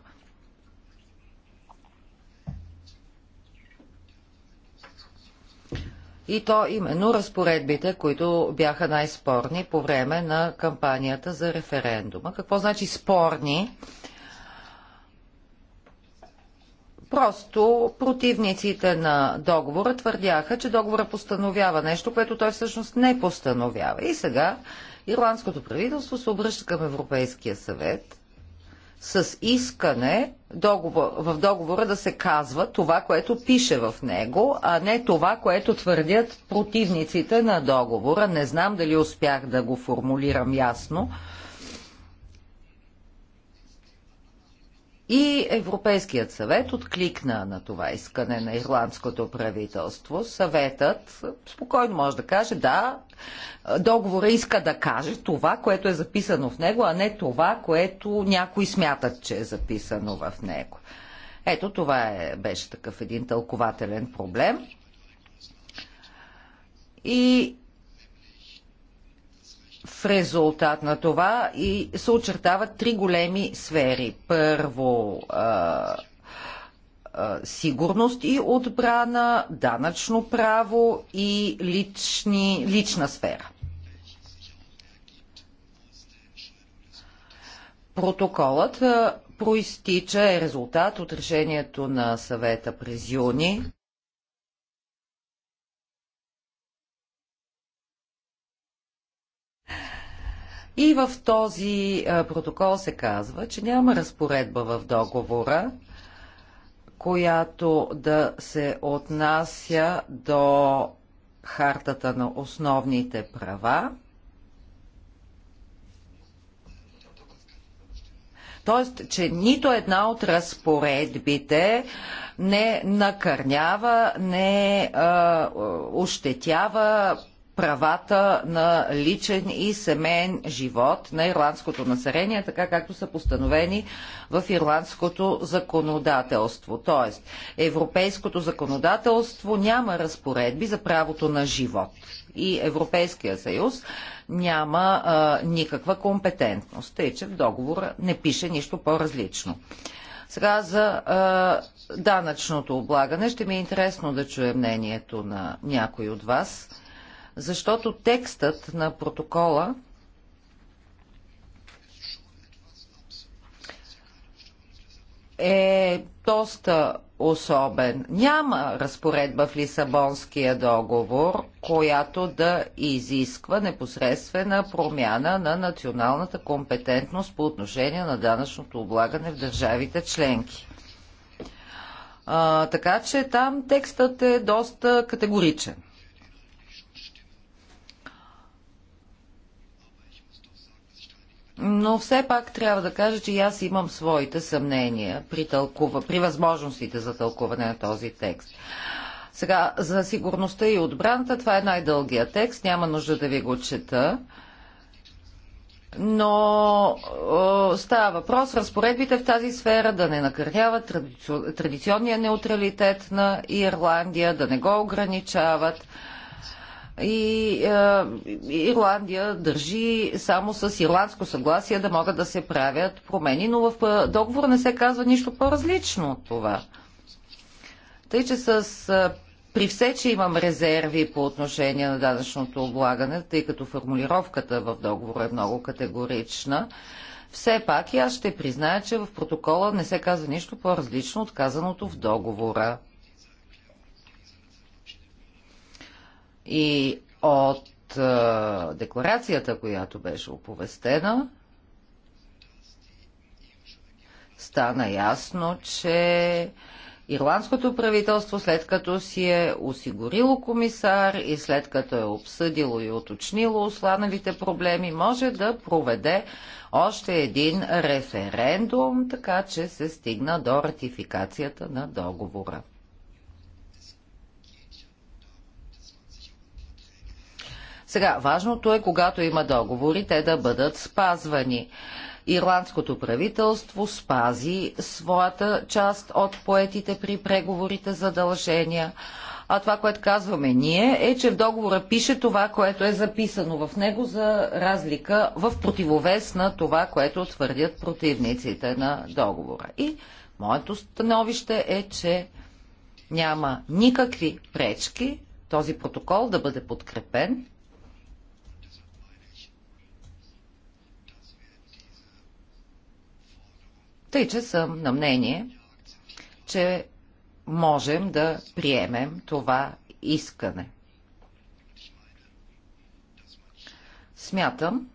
И то именно разпоредбите, които бяха най-спорни по време на кампанията за референдума. Какво значи спорни? Просто противниците на договора твърдяха, че договора постановява нещо, което той всъщност не постановява. И сега ирландското правителство се обръща към Европейския съвет с искане в договора да се казва това, което пише в него, а не това, което твърдят противниците на договора. Не знам дали успях да го формулирам ясно, И Европейският съвет откликна на това искане на ирландското правителство. Съветът спокойно може да каже, да, договора иска да каже това, което е записано в него, а не това, което някои смятат, че е записано в него. Ето това е, беше такъв един тълкователен проблем. И в резултат на това и се очертават три големи сфери. Първо, а, а, сигурност и отбрана, данъчно право и лични, лична сфера. Протоколът проистича е резултат от решението на съвета през юни И в този протокол се казва, че няма разпоредба в договора, която да се отнася до хартата на основните права. Тоест, че нито една от разпоредбите не накърнява, не а, ощетява правата на личен и семейен живот на ирландското население, така както са постановени в ирландското законодателство. Тоест, европейското законодателство няма разпоредби за правото на живот и Европейския съюз няма а, никаква компетентност, тъй че в договора не пише нищо по-различно. Сега за а, данъчното облагане ще ми е интересно да чуя мнението на някой от вас защото текстът на протокола е доста особен. Няма разпоредба в Лисабонския договор, която да изисква непосредствена промяна на националната компетентност по отношение на данъчното облагане в държавите членки. А, така че там текстът е доста категоричен. Но все пак трябва да кажа, че и аз имам своите съмнения при, тълкува, при възможностите за тълкуване на този текст. Сега, за сигурността и отбраната, това е най-дългия текст, няма нужда да ви го чета. Но е, става въпрос разпоредбите в тази сфера да не накърняват традиционния неутралитет на Ирландия, да не го ограничават и е, Ирландия държи само с ирландско съгласие да могат да се правят промени, но в е, договора не се казва нищо по-различно от това. Тъй, че с е, при все, че имам резерви по отношение на данъчното облагане, тъй като формулировката в договора е много категорична, все пак и аз ще призная, че в протокола не се казва нищо по-различно от казаното в договора. И от декларацията, която беше оповестена, стана ясно, че ирландското правителство, след като си е осигурило комисар и след като е обсъдило и уточнило осланалите проблеми, може да проведе още един референдум, така че се стигна до ратификацията на договора. Сега, важното е, когато има договори, те да бъдат спазвани. Ирландското правителство спази своята част от поетите при преговорите задължения. А това, което казваме ние, е, че в договора пише това, което е записано в него за разлика в противовес на това, което твърдят противниците на договора. И моето становище е, че няма никакви пречки този протокол да бъде подкрепен Тъй, че съм на мнение, че можем да приемем това искане. Смятам,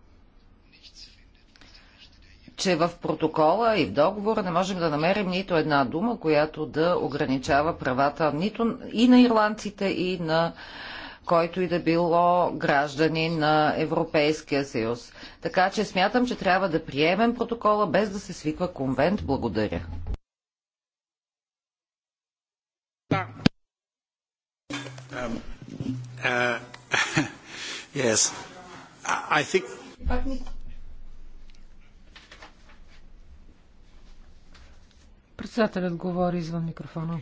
че в протокола и в договора не можем да намерим нито една дума, която да ограничава правата нито и на ирландците, и на който и да било граждани на Европейския съюз. Така че смятам, че трябва да приемем протокола без да се свиква конвент. Благодаря. Да. Um, uh, yes. I think... Председателят говори извън микрофона.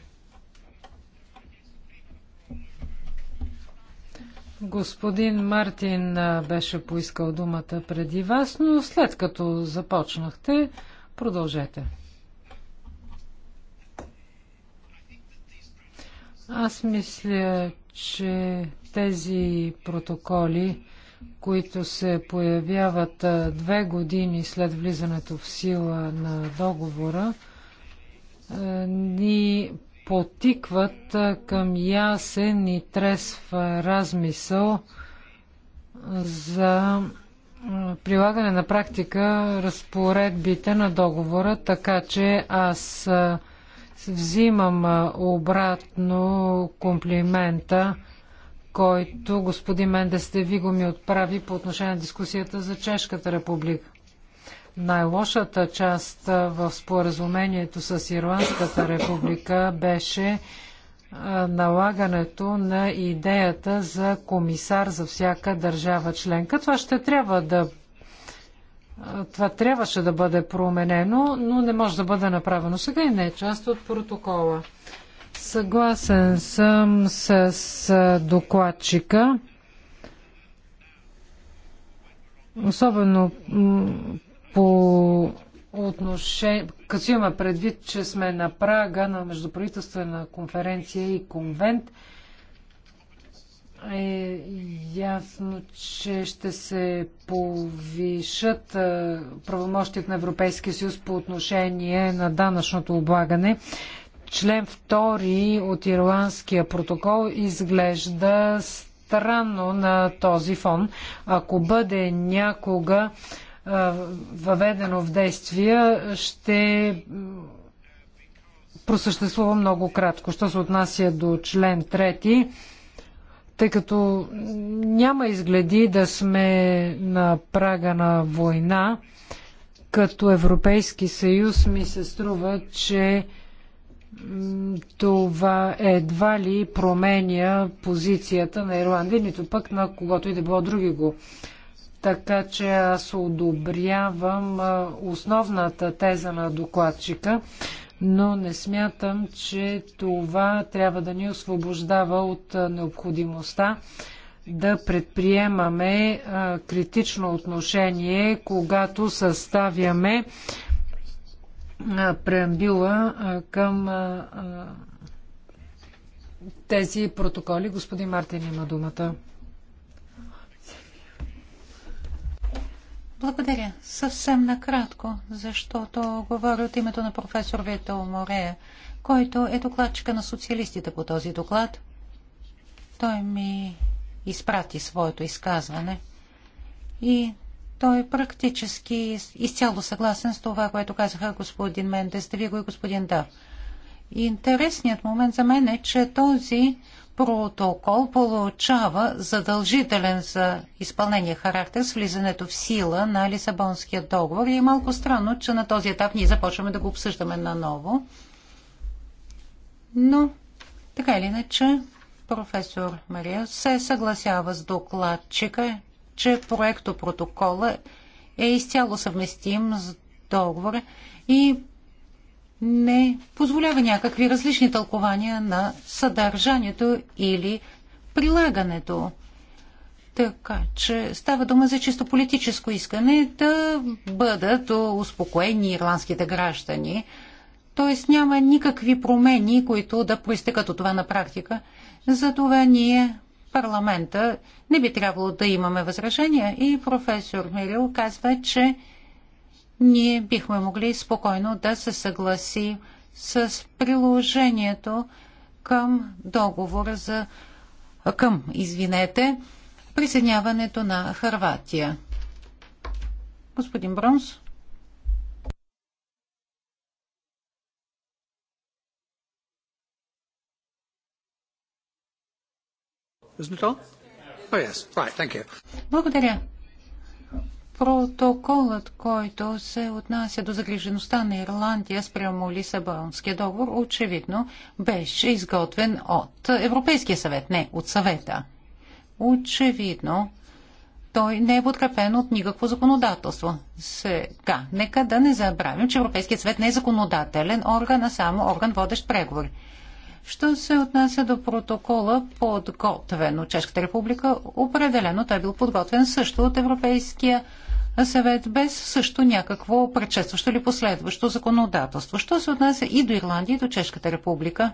Господин Мартин беше поискал думата преди вас, но след като започнахте, продължете. Аз мисля, че тези протоколи, които се появяват две години след влизането в сила на договора, ни потикват към ясен и трезв размисъл за прилагане на практика разпоредбите на договора, така че аз взимам обратно комплимента, който господин Мендесте Виго ми отправи по отношение на дискусията за Чешката република. Най-лошата част в споразумението с Ирландската република беше налагането на идеята за комисар за всяка държава членка. Това ще трябва да това трябваше да бъде променено, но не може да бъде направено сега и не е част от протокола. Съгласен съм с докладчика. Особено по отношение, като имаме предвид, че сме на прага на междуправителствена конференция и конвент, е ясно, че ще се повишат правомощият на Европейския съюз по отношение на данъчното облагане. Член 2 от Ирландския протокол изглежда странно на този фон. Ако бъде някога въведено в действие, ще просъществува много кратко. Що се отнася до член 3, тъй като няма изгледи да сме на прага на война, като Европейски съюз ми се струва, че това едва ли променя позицията на Ирландия, нито пък на когото и да било други го. Така че аз одобрявам основната теза на докладчика, но не смятам, че това трябва да ни освобождава от необходимостта да предприемаме критично отношение, когато съставяме преамбила към тези протоколи. Господин Мартин има думата. Благодаря. Съвсем накратко, защото говоря от името на професор Вето Морея, който е докладчика на социалистите по този доклад. Той ми изпрати своето изказване и той е практически изцяло съгласен с това, което казаха господин Мендес, Девиго и господин Дав. Интересният момент за мен е, че този протокол получава задължителен за изпълнение характер с влизането в сила на Лисабонския договор и е малко странно, че на този етап ние започваме да го обсъждаме наново. Но, така или иначе, професор Мария се съгласява с докладчика, че проектопротокола е изцяло съвместим с договора и не позволява някакви различни тълкования на съдържанието или прилагането. Така че става дума за чисто политическо искане да бъдат успокоени ирландските граждани. Тоест няма никакви промени, които да проистекат от това на практика. Затова ние, парламента, не би трябвало да имаме възражения и професор Мирил казва, че ние бихме могли спокойно да се съгласи с приложението към договора за към, извинете, присъединяването на Харватия. Господин Бронс. Oh, Благодаря. Протоколът, който се отнася до загрижеността на Ирландия спрямо Лисабонския договор, очевидно беше изготвен от Европейския съвет, не от съвета. Очевидно, той не е подкрепен от никакво законодателство. Сега, нека да не забравим, че Европейският съвет не е законодателен орган, а само орган водещ преговори. Що се отнася до протокола, подготвен от Чешката република, определено той е бил подготвен също от Европейския съвет съвет без също някакво предшестващо или последващо законодателство. Що се отнася и до Ирландия, и до Чешката република?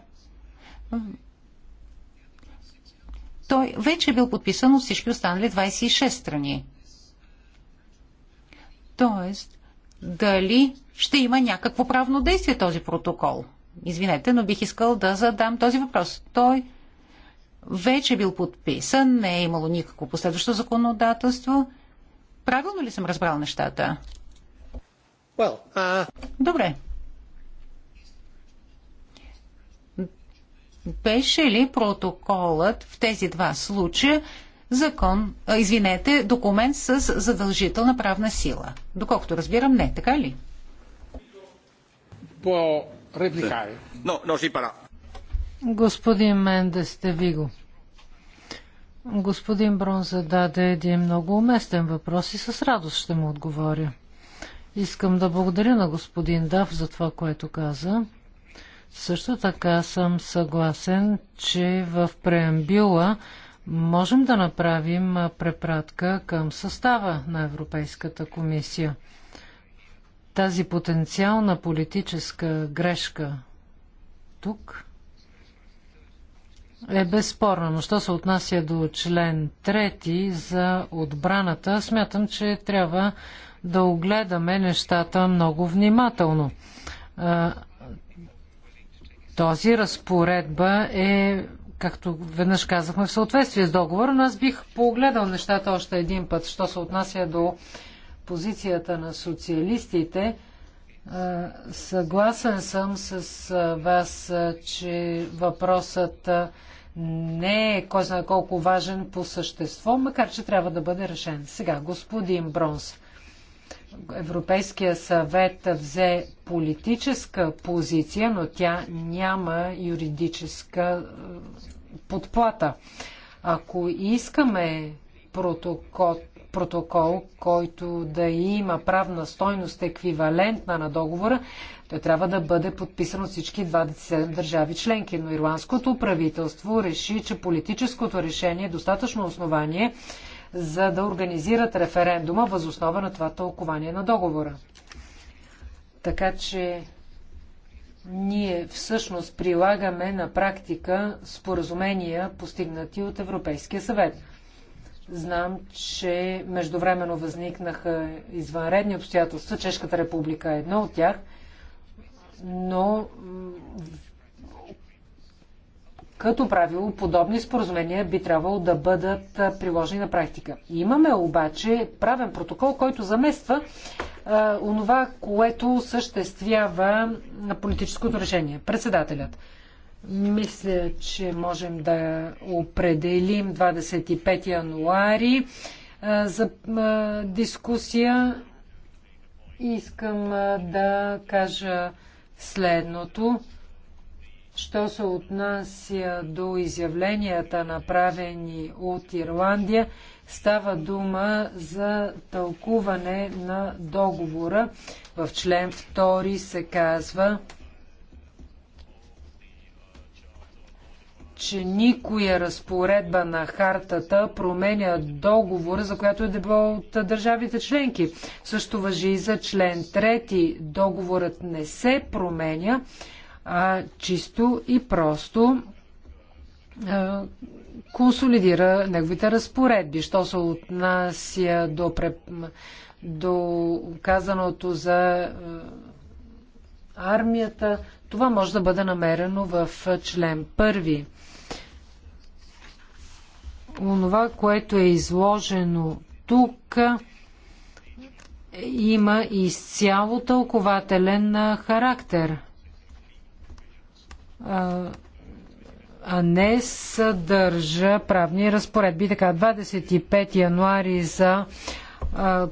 Той вече е бил подписан от всички останали 26 страни. Тоест, дали ще има някакво правно действие този протокол? Извинете, но бих искал да задам този въпрос. Той вече е бил подписан, не е имало никакво последващо законодателство – Правилно ли съм разбрал нещата? Well, uh... Добре. Беше ли протоколът в тези два случая закон, а, извинете, документ с задължителна правна сила? Доколкото разбирам, не, така ли? По репликари. си пара. Господин Мендес, сте ви го. Господин Брон зададе един много уместен въпрос и с радост ще му отговоря. Искам да благодаря на господин Дав за това, което каза. Също така съм съгласен, че в преамбюла можем да направим препратка към състава на Европейската комисия. Тази потенциална политическа грешка тук е безспорна, но що се отнася до член 3 за отбраната, смятам, че трябва да огледаме нещата много внимателно. Този разпоредба е, както веднъж казахме, в съответствие с договора, но аз бих погледал нещата още един път, що се отнася до позицията на социалистите – Съгласен съм с вас, че въпросът не е кой знае колко важен по същество, макар че трябва да бъде решен. Сега, господин Бронс, Европейския съвет взе политическа позиция, но тя няма юридическа подплата. Ако искаме протокол, протокол, който да има правна стойност еквивалентна на договора, той трябва да бъде подписан от всички 27 държави членки. Но ирландското правителство реши, че политическото решение е достатъчно основание за да организират референдума възоснова на това тълкование на договора. Така че ние всъщност прилагаме на практика споразумения, постигнати от Европейския съвет. Знам, че междувременно възникнаха извънредни обстоятелства. Чешката република е едно от тях, но като правило подобни споразумения би трябвало да бъдат приложени на практика. Имаме обаче правен протокол, който замества а, онова, което съществява на политическото решение. Председателят. Мисля, че можем да определим 25 януари за дискусия. Искам да кажа следното. Що се отнася до изявленията, направени от Ирландия, става дума за тълкуване на договора. В член 2 се казва, че никоя разпоредба на хартата променя договора, за която е дебо от държавите членки. Също въжи и за член 3. Договорът не се променя, а чисто и просто а, консолидира неговите разпоредби. Що се отнася до, преп... до казаното за армията, това може да бъде намерено в член първи онова, което е изложено тук, има изцяло тълкователен характер, а не съдържа правни разпоредби. Така, 25 януари за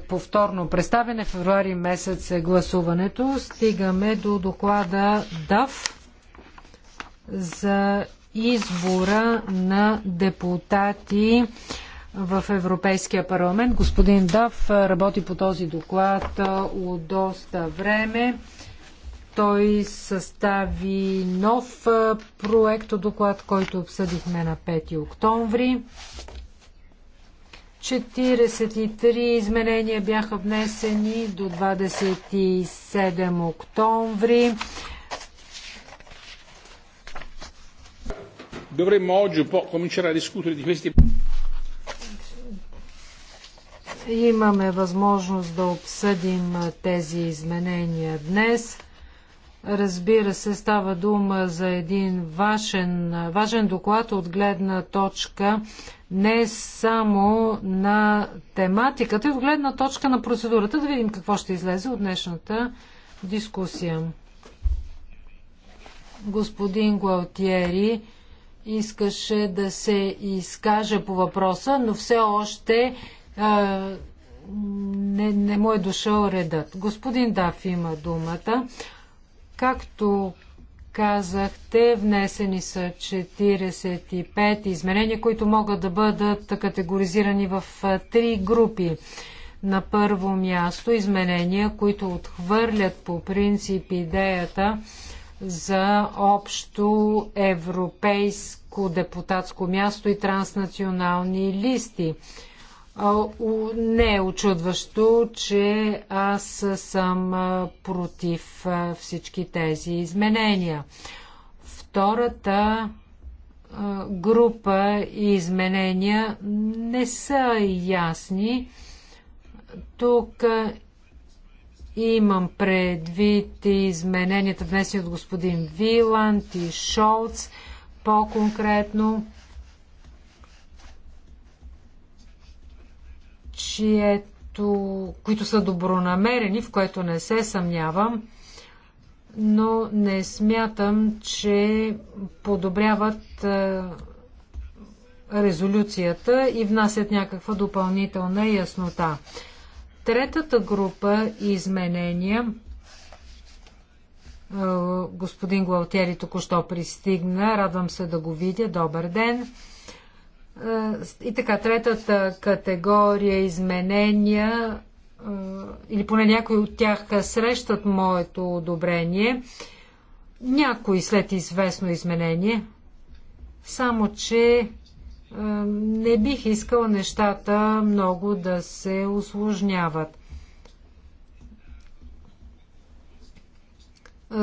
повторно представене, февруари месец е гласуването. Стигаме до доклада ДАВ за избора на депутати в Европейския парламент. Господин Дав работи по този доклад от доста време. Той състави нов проект доклад, който обсъдихме на 5 октомври. 43 изменения бяха внесени до 27 октомври. dovremmo oggi un po' cominciare a discutere di questi Имаме възможност да обсъдим тези изменения днес. Разбира се, става дума за един важен, важен доклад от гледна точка не само на тематиката, и от гледна точка на процедурата. Да видим какво ще излезе от днешната дискусия. Господин Гуалтиери, искаше да се изкаже по въпроса, но все още а, не, не му е дошъл редът. Господин Даф има думата. Както казахте, внесени са 45 изменения, които могат да бъдат категоризирани в три групи. На първо място изменения, които отхвърлят по принцип идеята за общо европейско депутатско място и транснационални листи. Не е очудващо, че аз съм против всички тези изменения. Втората група изменения не са ясни. Тук Имам предвид измененията днес от господин Виланд и Шолц по-конкретно, чието, които са добронамерени, в което не се съмнявам, но не смятам, че подобряват е, резолюцията и внасят някаква допълнителна яснота. Третата група изменения е, господин Глаутери току-що пристигна. Радвам се да го видя. Добър ден! Е, и така, третата категория изменения е, или поне някои от тях срещат моето одобрение. Някои след известно изменение. Само, че не бих искала нещата много да се усложняват.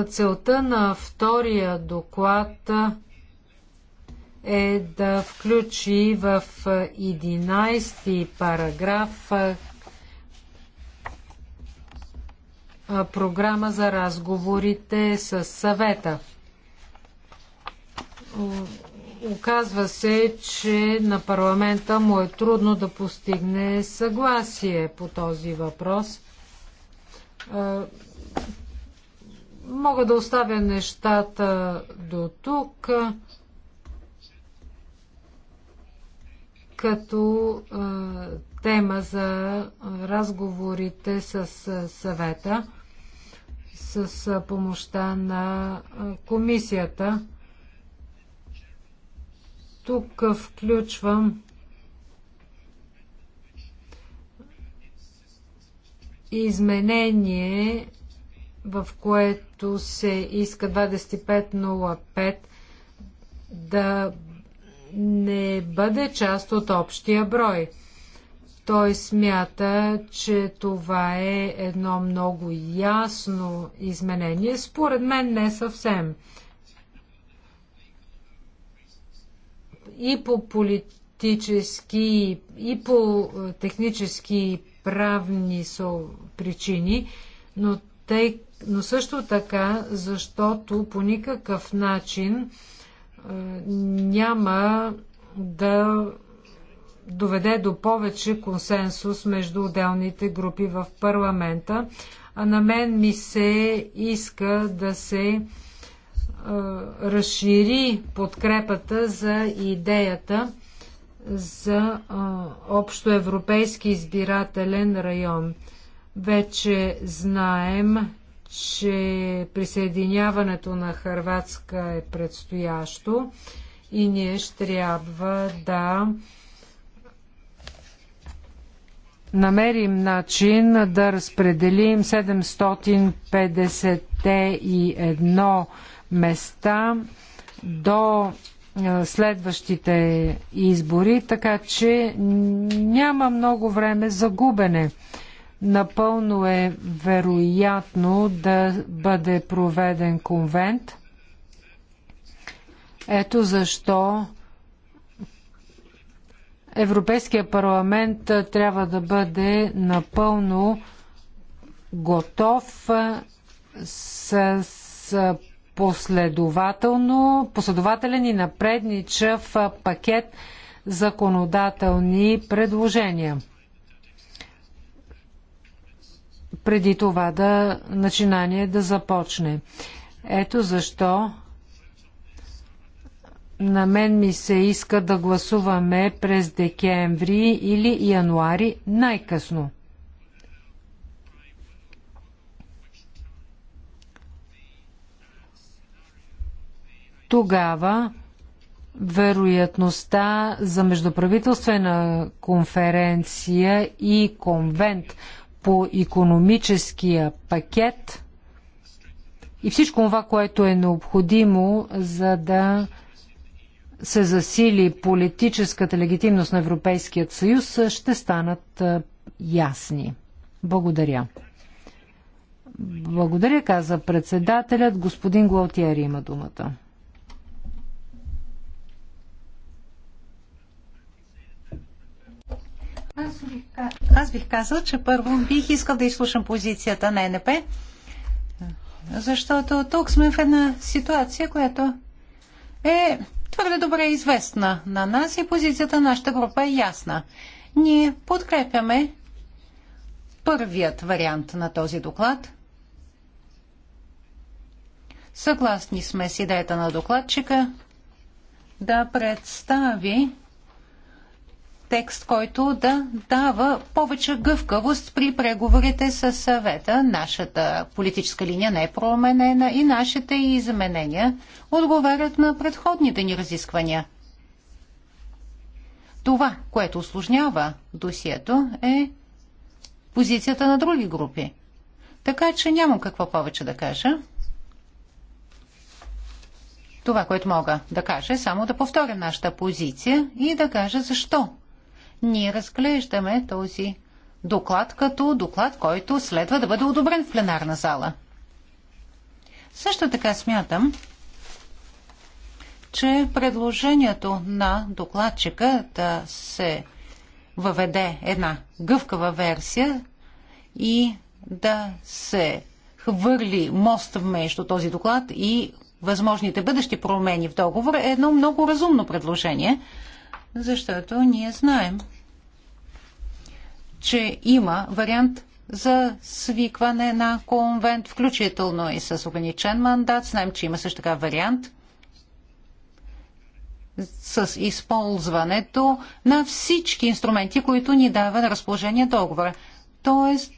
Целта на втория доклад е да включи в 11 параграф програма за разговорите с съвета Оказва се, че на парламента му е трудно да постигне съгласие по този въпрос. Мога да оставя нещата до тук, като тема за разговорите с съвета с помощта на комисията. Тук включвам изменение, в което се иска 2505 да не бъде част от общия брой. Той смята, че това е едно много ясно изменение. Според мен не съвсем. и по политически, и по е, технически и правни причини, но, тъй, но също така, защото по никакъв начин е, няма да доведе до повече консенсус между отделните групи в парламента, а на мен ми се иска да се разшири подкрепата за идеята за общоевропейски избирателен район. Вече знаем, че присъединяването на Харватска е предстоящо и ние ще трябва да намерим начин да разпределим 751 места до е, следващите избори, така че няма много време за губене. Напълно е вероятно да бъде проведен конвент. Ето защо Европейския парламент е, трябва да бъде напълно готов е, с последователно, последователен и напредничав пакет законодателни предложения. Преди това да начинание да започне. Ето защо на мен ми се иска да гласуваме през декември или януари най-късно. тогава вероятността за междуправителствена конференция и конвент по економическия пакет и всичко това, което е необходимо, за да се засили политическата легитимност на Европейският съюз, ще станат ясни. Благодаря. Благодаря, каза председателят. Господин Глаутиер има думата. Аз бих, аз бих казал, че първо бих искал да изслушам позицията на НП, защото тук сме в една ситуация, която е твърде добре известна на нас и позицията на нашата група е ясна. Ние подкрепяме първият вариант на този доклад. Съгласни сме с идеята на докладчика да представи текст, който да дава повече гъвкавост при преговорите с съвета. Нашата политическа линия не е променена и нашите изменения отговарят на предходните ни разисквания. Това, което осложнява досието, е позицията на други групи. Така че нямам какво повече да кажа. Това, което мога да кажа, е само да повторя нашата позиция и да кажа защо ние разглеждаме този доклад като доклад, който следва да бъде одобрен в пленарна зала. Също така смятам, че предложението на докладчика да се въведе една гъвкава версия и да се хвърли мост между този доклад и възможните бъдещи промени в договора е едно много разумно предложение – защото ние знаем, че има вариант за свикване на конвент, включително и с ограничен мандат. Знаем, че има също така вариант с използването на всички инструменти, които ни дава на разположение договора. Тоест,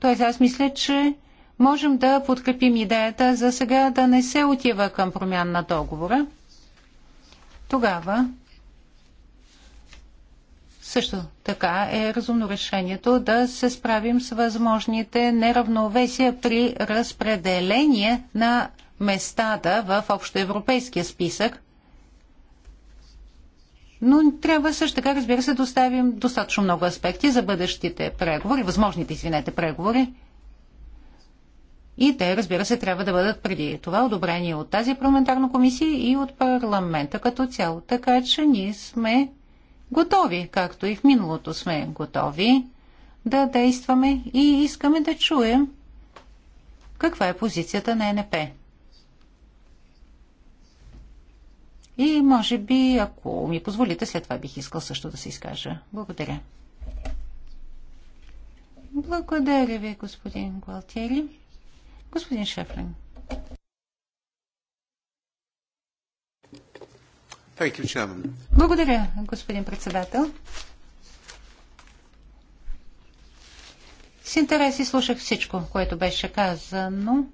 тоест аз мисля, че можем да подкрепим идеята за сега да не се отива към промяна на договора тогава също така е разумно решението да се справим с възможните неравновесия при разпределение на местата в общоевропейския списък. Но трябва също така, разбира се, да оставим достатъчно много аспекти за бъдещите преговори, възможните, извинете, преговори. И те, разбира се, трябва да бъдат преди това одобрени от тази парламентарна комисия и от парламента като цяло. Така че ние сме готови, както и в миналото сме готови да действаме и искаме да чуем каква е позицията на НП. И може би, ако ми позволите, след това бих искал също да се изкажа. Благодаря. Благодаря ви, господин Гуалтери. Господин Шефлин. Благодаря, господин председател. С интерес и слушах всичко, което беше казано.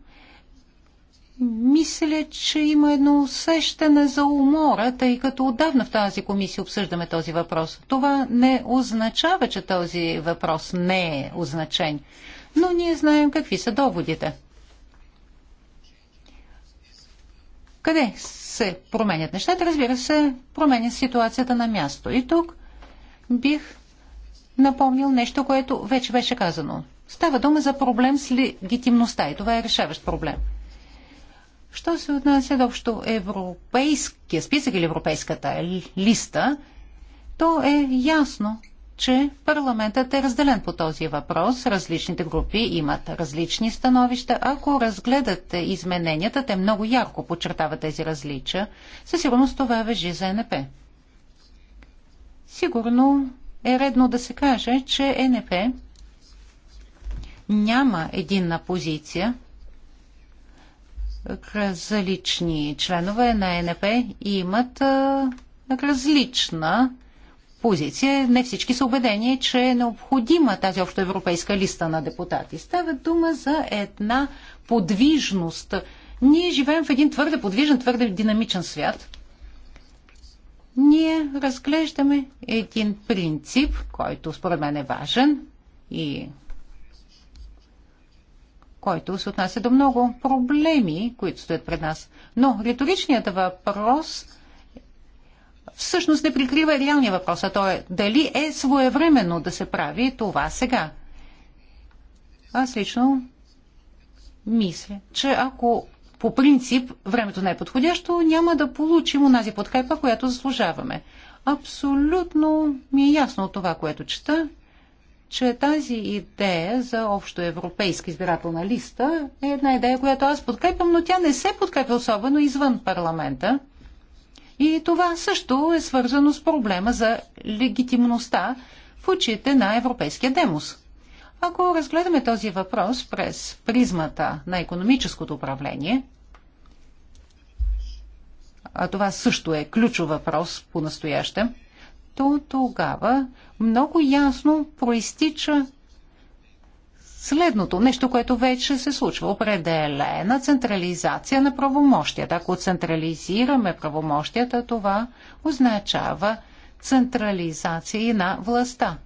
Мисля, че има едно усещане за умора, тъй като отдавна в тази комисия обсъждаме този въпрос. Това не означава, че този въпрос не е означен. Но ние знаем какви са доводите. къде се променят нещата, разбира се, променя ситуацията на място. И тук бих напомнил нещо, което вече беше казано. Става дума за проблем с легитимността и това е решаващ проблем. Що се отнася до общо европейския списък или европейската листа, то е ясно, че парламентът е разделен по този въпрос. Различните групи имат различни становища. Ако разгледате измененията, те много ярко подчертават тези различия. Със сигурност това вежи за НП. Сигурно е редно да се каже, че НП няма единна позиция. Различни членове на НП имат различна позиция. Не всички са убедени, че е необходима тази общоевропейска листа на депутати. Става дума за една подвижност. Ние живеем в един твърде подвижен, твърде динамичен свят. Ние разглеждаме един принцип, който според мен е важен и който се отнася до много проблеми, които стоят пред нас. Но риторичният въпрос всъщност не прикрива реалния въпрос, а то е дали е своевременно да се прави това сега. Аз лично мисля, че ако по принцип времето не е подходящо, няма да получим онази подкрепа, която заслужаваме. Абсолютно ми е ясно от това, което чета, че тази идея за общо европейска избирателна листа е една идея, която аз подкрепям, но тя не се подкрепя особено извън парламента. И това също е свързано с проблема за легитимността в очите на европейския демос. Ако разгледаме този въпрос през призмата на економическото управление, а това също е ключов въпрос по-настояще, то тогава много ясно проистича следното, нещо, което вече се случва. Определена централизация на правомощията. Ако централизираме правомощията, това означава централизация на властта.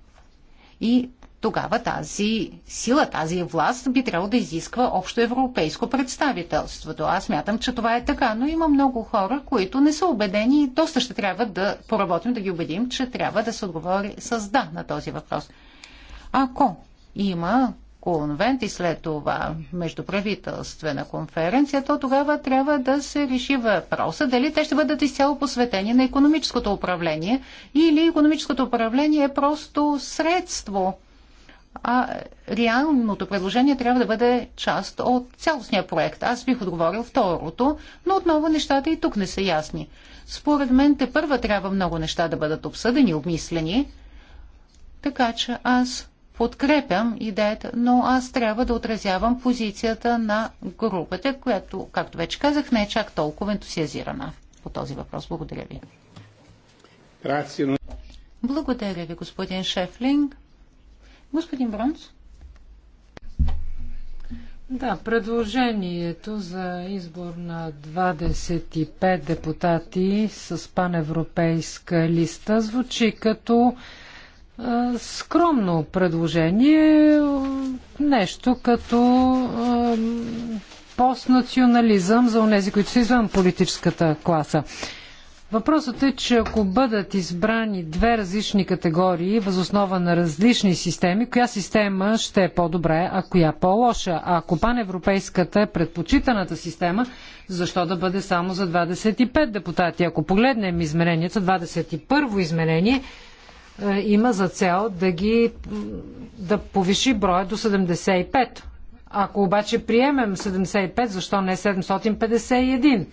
И тогава тази сила, тази власт би трябвало да изисква общо европейско представителството. Аз мятам, че това е така, но има много хора, които не са убедени и доста ще трябва да поработим, да ги убедим, че трябва да се отговори с да на този въпрос. Ако има конвент и след това междуправителствена конференция, то тогава трябва да се реши въпроса дали те ще бъдат изцяло посветени на економическото управление или економическото управление е просто средство. А реалното предложение трябва да бъде част от цялостния проект. Аз бих отговорил второто, но отново нещата и тук не са ясни. Според мен те първа трябва много неща да бъдат обсъдени, обмислени, така че аз подкрепям идеята, но аз трябва да отразявам позицията на групата, която, както вече казах, не е чак толкова ентусиазирана по този въпрос. Благодаря ви. Благодаря ви, господин Шефлинг. Господин Бронс. Да, предложението за избор на 25 депутати с паневропейска листа звучи като скромно предложение, нещо като постнационализъм за онези, които са извън политическата класа. Въпросът е, че ако бъдат избрани две различни категории възоснова на различни системи, коя система ще е по-добра, а коя по-лоша? А ако паневропейската е предпочитаната система, защо да бъде само за 25 депутати? Ако погледнем измеренията, 21 измерение, изменение, е, има за цел да ги да повиши броя до 75. Ако обаче приемем 75, защо не 751?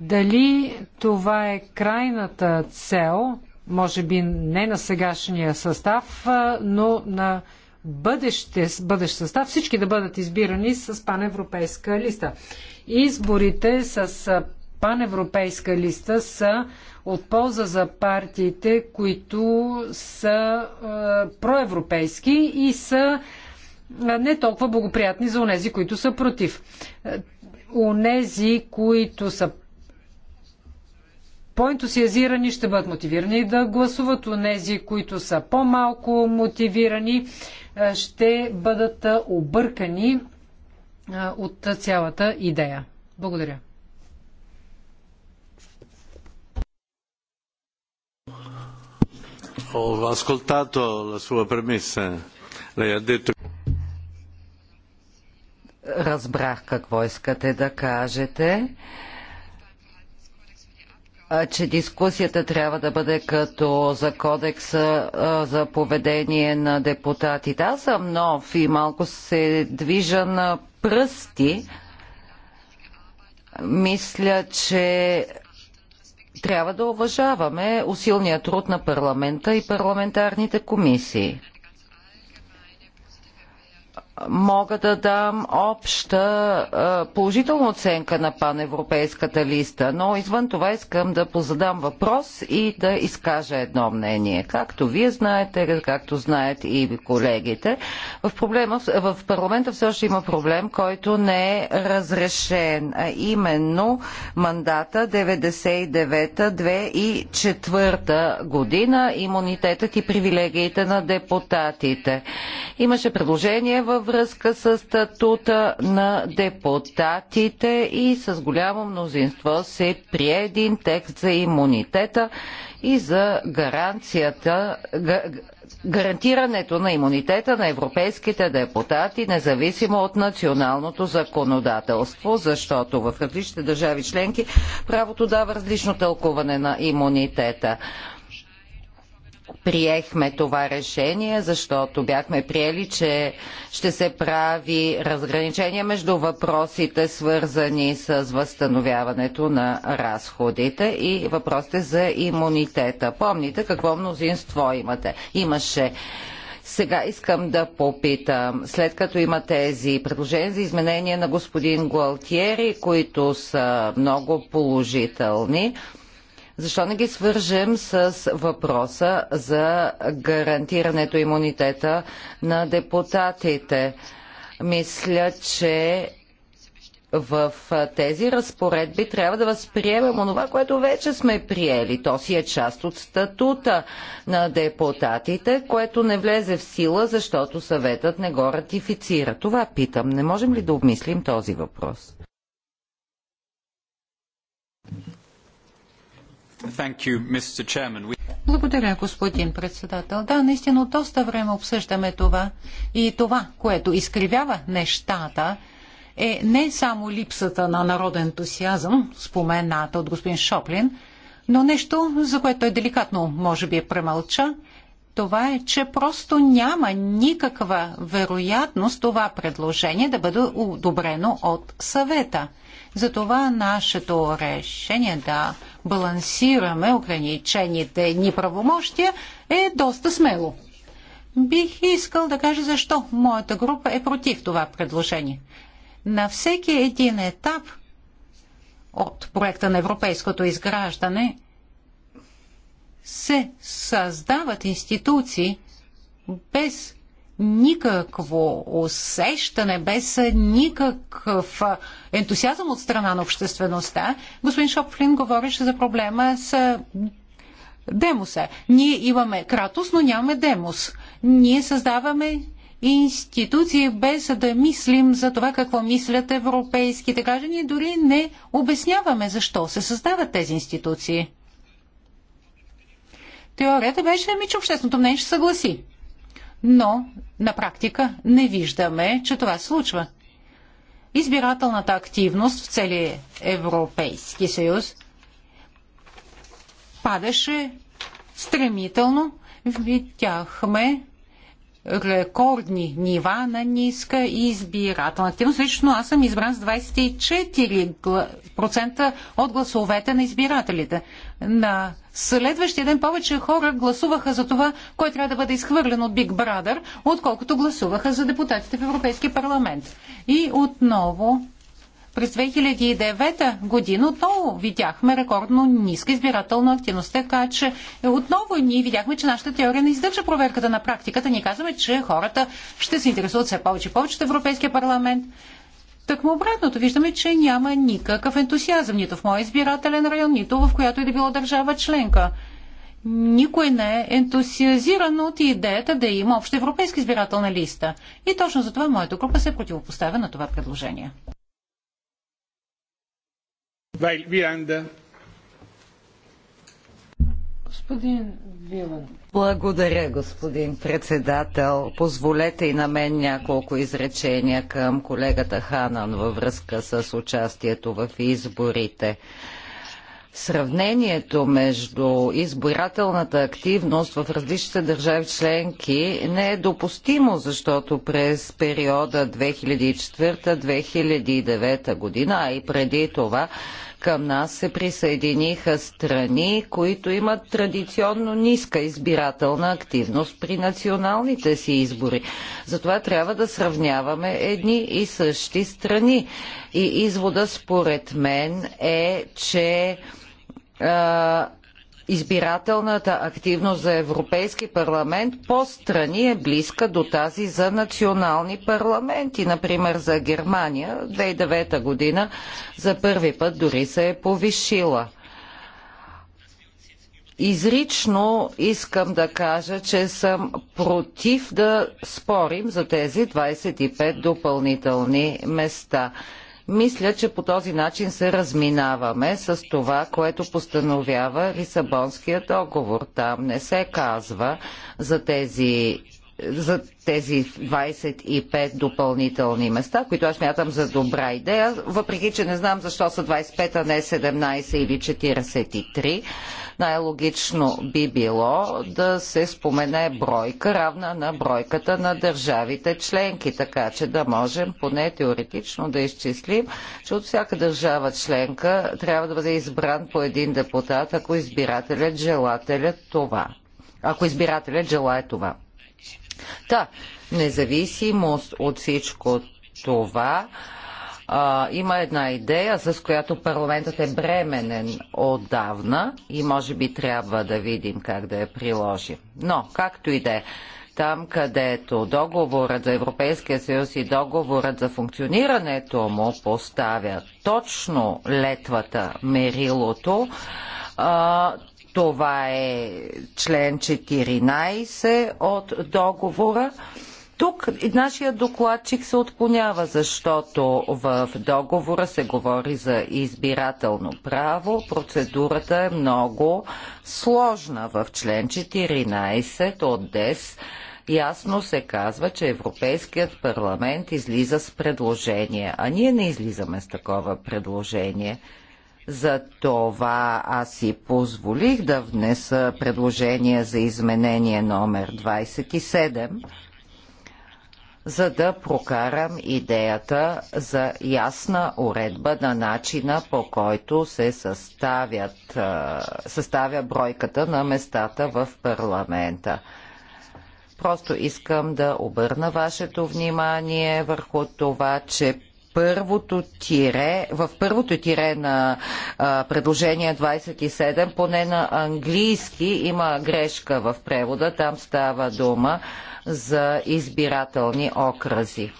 Дали това е крайната цел, може би не на сегашния състав, но на бъдеще, бъдещ състав, всички да бъдат избирани с паневропейска листа. Изборите с паневропейска листа са от полза за партиите, които са а, е, проевропейски и са е, не толкова благоприятни за онези, които са против. Е, онези, които са по-ентусиазирани, ще бъдат мотивирани да гласуват. Онези, които са по-малко мотивирани, ще бъдат объркани от цялата идея. Благодаря. ho ascoltato la sua premessa. Lei ha detto... Разбрах какво искате да кажете че дискусията трябва да бъде като за кодекса за поведение на депутатите. Аз съм нов и малко се движа на пръсти. Мисля, че трябва да уважаваме усилния труд на парламента и парламентарните комисии мога да дам обща положителна оценка на паневропейската листа, но извън това искам да позадам въпрос и да изкажа едно мнение. Както вие знаете, както знаят и колегите, в, проблема, в парламента все още има проблем, който не е разрешен, а именно мандата 99-2004 година, имунитетът и привилегиите на депутатите. Имаше предложение във връзка с статута на депутатите и с голямо мнозинство се прие един текст за имунитета и за гаранцията, гарантирането на имунитета на европейските депутати, независимо от националното законодателство, защото в различните държави членки правото дава различно тълкуване на имунитета приехме това решение, защото бяхме приели, че ще се прави разграничение между въпросите, свързани с възстановяването на разходите и въпросите за имунитета. Помните какво мнозинство имате? Имаше. Сега искам да попитам, след като има тези предложения за изменения на господин Гуалтиери, които са много положителни, защо не ги свържем с въпроса за гарантирането имунитета на депутатите? Мисля, че в тези разпоредби трябва да възприемем онова, което вече сме приели. То си е част от статута на депутатите, което не влезе в сила, защото съветът не го ратифицира. Това питам. Не можем ли да обмислим този въпрос? Благодаря, господин председател. Да, наистина доста време обсъждаме това. И това, което изкривява нещата, е не само липсата на народен ентусиазъм, спомената от господин Шоплин, но нещо, за което е деликатно може би премълча, това е, че просто няма никаква вероятност това предложение да бъде одобрено от съвета. Затова нашето решение да балансираме ограничените ни правомощия, е доста смело. Бих искал да кажа защо моята група е против това предложение. На всеки един етап от проекта на европейското изграждане се създават институции без никакво усещане, без никакъв ентусиазъм от страна на обществеността. Господин Шопфлин говореше за проблема с демоса. Ние имаме кратос, но нямаме демос. Ние създаваме институции, без да мислим за това какво мислят европейските граждани, дори не обясняваме защо се създават тези институции. Теорията беше, ми, че общественото мнение ще съгласи но на практика не виждаме, че това случва. Избирателната активност в цели Европейски съюз падаше стремително. Видяхме рекордни нива на ниска избирателна активност. Лично аз съм избран с 24% от гласовете на избирателите на следващия ден повече хора гласуваха за това, кой трябва да бъде изхвърлен от Биг Брадър, отколкото гласуваха за депутатите в Европейския парламент. И отново през 2009 година отново видяхме рекордно ниска избирателна активност, така че отново ние видяхме, че нашата теория не издържа проверката на практиката. Ние казваме, че хората ще се интересуват все повече и повече от Европейския парламент. Тъкмо обратното, виждаме, че няма никакъв ентусиазъм нито в моя избирателен район, нито в която и да било държава членка. Никой не е ентусиазиран от идеята да има обща европейска избирателна листа. И точно за това моята група се противопоставя на това предложение. Господин Вилан. Благодаря, господин председател. Позволете и на мен няколко изречения към колегата Ханан във връзка с участието в изборите. Сравнението между избирателната активност в различните държави членки не е допустимо, защото през периода 2004-2009 година, а и преди това, към нас се присъединиха страни, които имат традиционно ниска избирателна активност при националните си избори. Затова трябва да сравняваме едни и същи страни. И извода според мен е, че а, избирателната активност за Европейски парламент по страни е близка до тази за национални парламенти. Например за Германия 2009 година за първи път дори се е повишила. Изрично искам да кажа, че съм против да спорим за тези 25 допълнителни места. Мисля, че по този начин се разминаваме с това, което постановява Лисабонският договор. Там не се казва за тези за тези 25 допълнителни места, които аз мятам за добра идея, въпреки че не знам защо са 25, а не 17 или 43. Най-логично би било да се спомене бройка, равна на бройката на държавите членки, така че да можем поне теоретично да изчислим, че от всяка държава членка трябва да бъде избран по един депутат, ако избирателят желателят това. Ако избирателят желая това. Та, независимост от всичко това, а, има една идея, с която парламентът е бременен отдавна и може би трябва да видим как да я приложим. Но, както и да е, там където договорът за Европейския съюз и договорът за функционирането му поставя точно летвата, мерилото, а, това е член 14 от договора. Тук нашия докладчик се отклонява, защото в договора се говори за избирателно право. Процедурата е много сложна. В член 14 от ДЕС ясно се казва, че Европейският парламент излиза с предложение, а ние не излизаме с такова предложение. За това аз си позволих да внеса предложение за изменение номер 27 за да прокарам идеята за ясна уредба на начина по който се съставят, съставя бройката на местата в парламента. Просто искам да обърна вашето внимание върху това, че първото тире, в първото тире на а, предложение 27, поне на английски има грешка в превода, там става дума за избирателни окрази.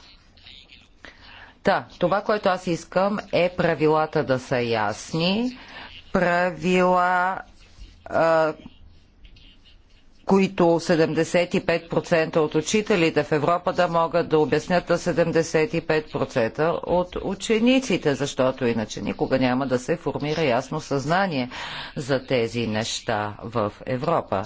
Та, това, което аз искам е правилата да са ясни, правила а, които 75% от учителите в Европа да могат да обяснят на 75% от учениците, защото иначе никога няма да се формира ясно съзнание за тези неща в Европа.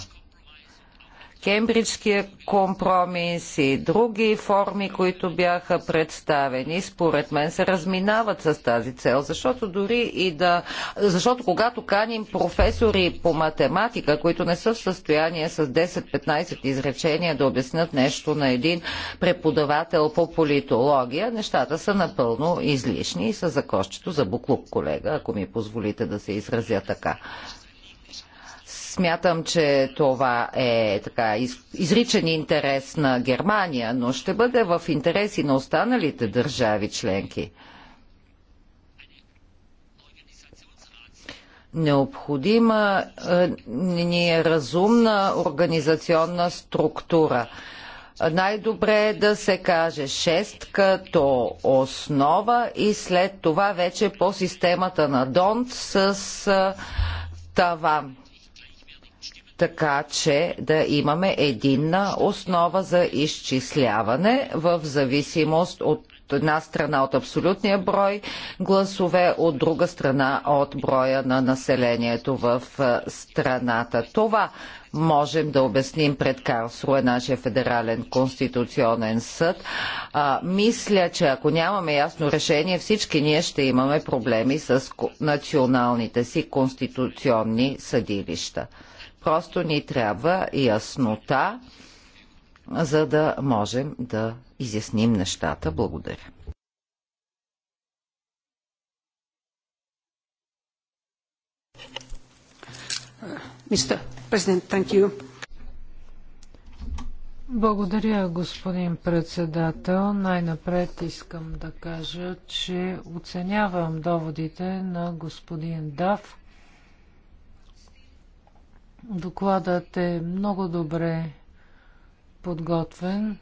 Кембриджския компромис и други форми, които бяха представени, според мен се разминават с тази цел, защото дори и да... Защото когато каним професори по математика, които не са в състояние с 10-15 изречения да обяснат нещо на един преподавател по политология, нещата са напълно излишни и са за кощето за буклук, колега, ако ми позволите да се изразя така. Смятам, че това е така изричен интерес на Германия, но ще бъде в интереси на останалите държави членки. Необходима е, ни е разумна организационна структура най-добре е да се каже 6 като основа и след това вече по системата на Донт с е, таван така че да имаме единна основа за изчисляване в зависимост от една страна от абсолютния брой гласове, от друга страна от броя на населението в страната. Това можем да обясним пред Карлсруе, нашия федерален конституционен съд. А, мисля, че ако нямаме ясно решение, всички ние ще имаме проблеми с националните си конституционни съдилища. Просто ни трябва яснота, за да можем да изясним нещата. Благодаря. Мистер Президент, thank you. Благодаря, господин председател. Най-напред искам да кажа, че оценявам доводите на господин Дав, Докладът е много добре подготвен,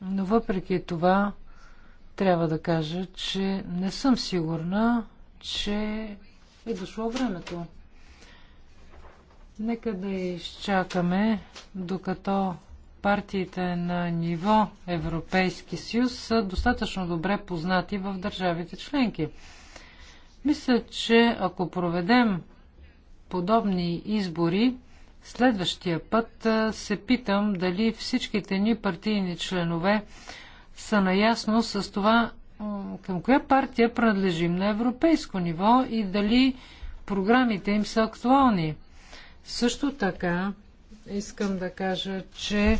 но въпреки това трябва да кажа, че не съм сигурна, че е дошло времето. Нека да изчакаме, докато партиите на ниво Европейски съюз са достатъчно добре познати в държавите членки. Мисля, че ако проведем подобни избори, следващия път се питам дали всичките ни партийни членове са наясно с това към коя партия принадлежим на европейско ниво и дали програмите им са актуални. Също така искам да кажа, че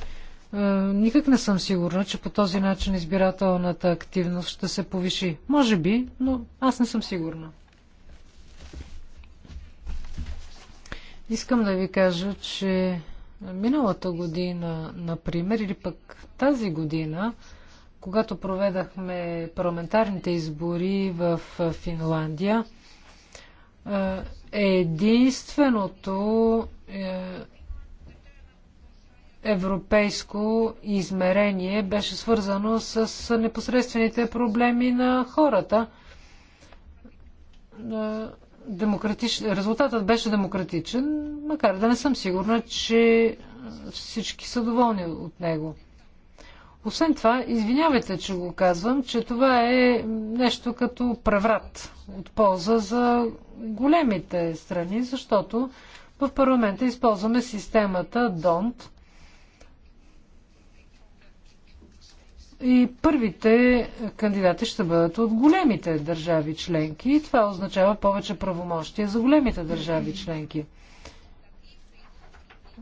никак не съм сигурна, че по този начин избирателната активност ще се повиши. Може би, но аз не съм сигурна. Искам да ви кажа, че миналата година, например, или пък тази година, когато проведахме парламентарните избори в Финландия, единственото е, европейско измерение беше свързано с непосредствените проблеми на хората демократич... резултатът беше демократичен, макар да не съм сигурна, че всички са доволни от него. Освен това, извинявайте, че го казвам, че това е нещо като преврат от полза за големите страни, защото в парламента използваме системата ДОНТ, и първите кандидати ще бъдат от големите държави членки и това означава повече правомощия за големите държави членки.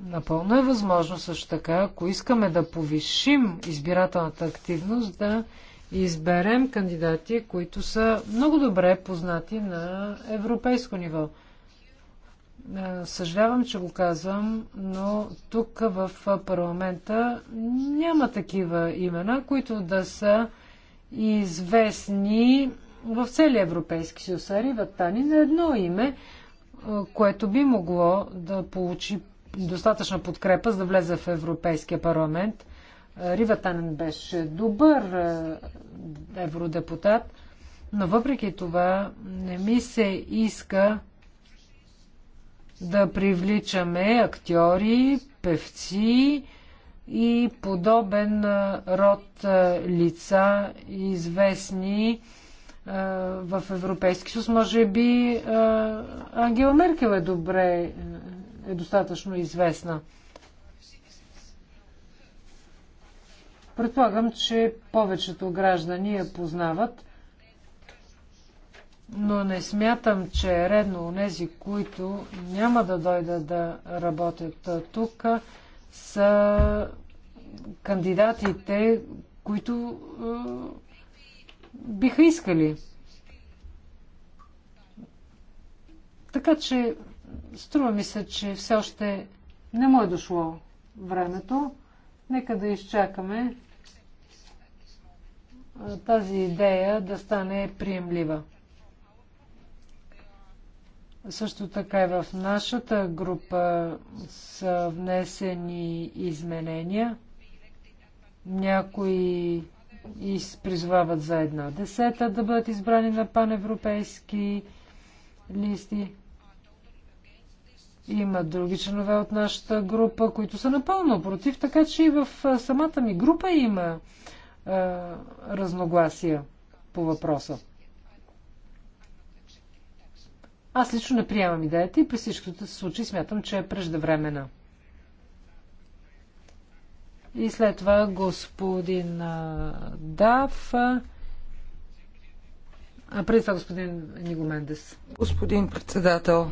Напълно е възможно също така, ако искаме да повишим избирателната активност, да изберем кандидати, които са много добре познати на европейско ниво. Е, съжалявам, че го казвам, но тук в парламента няма такива имена, които да са известни в целия Европейски съюз. Рива Тани на едно име, е, което би могло да получи достатъчна подкрепа, за да влезе в Европейския парламент. Рива Танен беше добър е, евродепутат, но въпреки това не ми се иска да привличаме актьори, певци и подобен род лица, известни в Европейски съюз. Може би Ангела Меркел е добре, е, е достатъчно известна. Предполагам, че повечето граждани я познават но не смятам, че е редно нези, които няма да дойдат да работят тук, са кандидатите, които е, биха искали. Така че струва ми се, че все още не му е дошло времето. Нека да изчакаме тази идея да стане приемлива. Също така и в нашата група са внесени изменения. Някои призвават за една десета да бъдат избрани на паневропейски листи. Има други членове от нашата група, които са напълно против, така че и в самата ми група има а, разногласия по въпроса. Аз лично не приемам идеята и при всичкото се случаи смятам, че е преждевремена. И след това господин Дав. А преди това господин Нигомендес. Господин председател,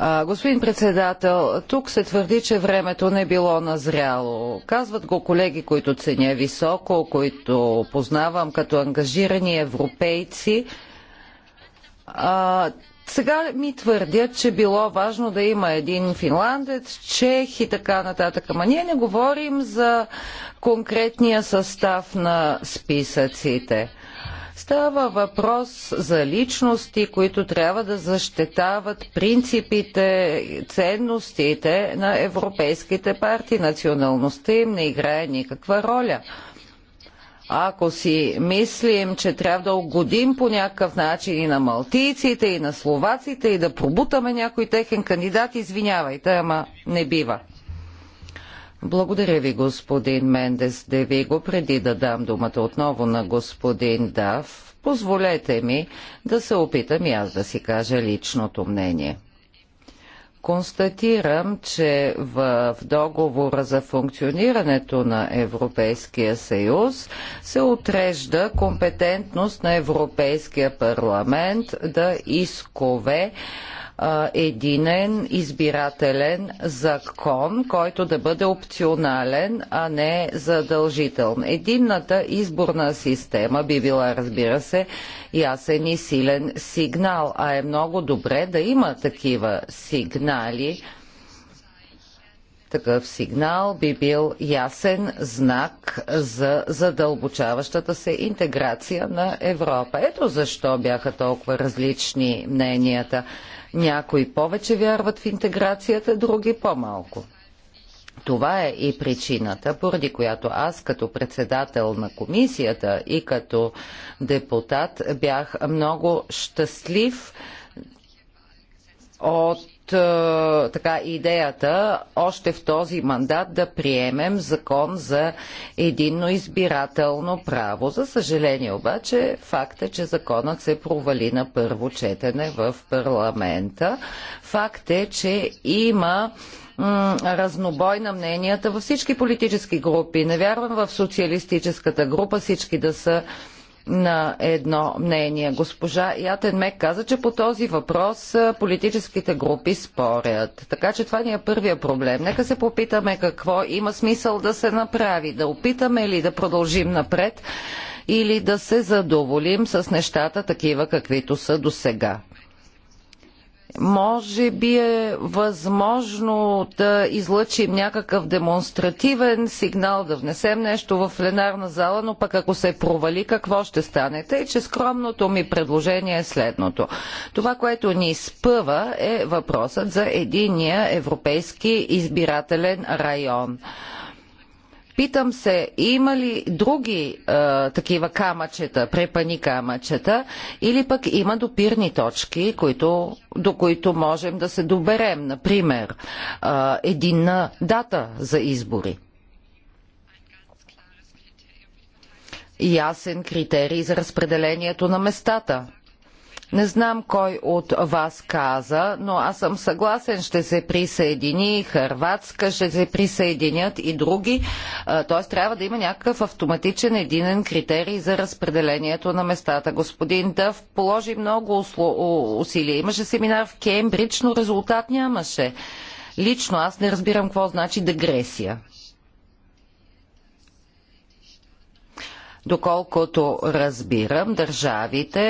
господин председател, тук се твърди, че времето не било назряло. Казват го колеги, които ценя високо, които познавам като ангажирани европейци. А, сега ми твърдят, че било важно да има един финландец, чех и така нататък. Ама ние не говорим за конкретния състав на списъците. Става въпрос за личности, които трябва да защитават принципите, ценностите на европейските партии. Националността им не играе никаква роля. Ако си мислим, че трябва да угодим по някакъв начин и на малтийците, и на словаците, и да пробутаме някой техен кандидат, извинявайте, ама не бива. Благодаря ви, господин Мендес Девиго. Преди да дам думата отново на господин Дав, позволете ми да се опитам и аз да си кажа личното мнение. Констатирам, че в договора за функционирането на Европейския съюз се отрежда компетентност на Европейския парламент да искове единен избирателен закон, който да бъде опционален, а не задължителен. Единната изборна система би била, разбира се, ясен и силен сигнал, а е много добре да има такива сигнали. Такъв сигнал би бил ясен знак за задълбочаващата се интеграция на Европа. Ето защо бяха толкова различни мненията. Някои повече вярват в интеграцията, други по-малко. Това е и причината, поради която аз като председател на комисията и като депутат бях много щастлив от е, така идеята още в този мандат да приемем закон за единно избирателно право. За съжаление обаче факт е, че законът се провали на първо четене в парламента. Факт е, че има разнобой на мненията във всички политически групи. Не вярвам в социалистическата група всички да са на едно мнение. Госпожа Мек каза, че по този въпрос политическите групи спорят. Така че това ни е първия проблем. Нека се попитаме какво има смисъл да се направи. Да опитаме ли да продължим напред или да се задоволим с нещата такива каквито са до сега може би е възможно да излъчим някакъв демонстративен сигнал, да внесем нещо в пленарна зала, но пък ако се провали, какво ще стане? Тъй, че скромното ми предложение е следното. Това, което ни спъва е въпросът за единия европейски избирателен район. Питам се, има ли други а, е, такива камъчета, препани камъчета, или пък има допирни точки, които, до които можем да се доберем, например, а, е, единна дата за избори. Ясен критерий за разпределението на местата не знам кой от вас каза, но аз съм съгласен, ще се присъедини Хърватска, ще се присъединят и други. Т.е. трябва да има някакъв автоматичен единен критерий за разпределението на местата. Господин Дъв положи много усилия. Имаше семинар в Кембридж, но резултат нямаше. Лично аз не разбирам какво значи дегресия. Доколкото разбирам, държавите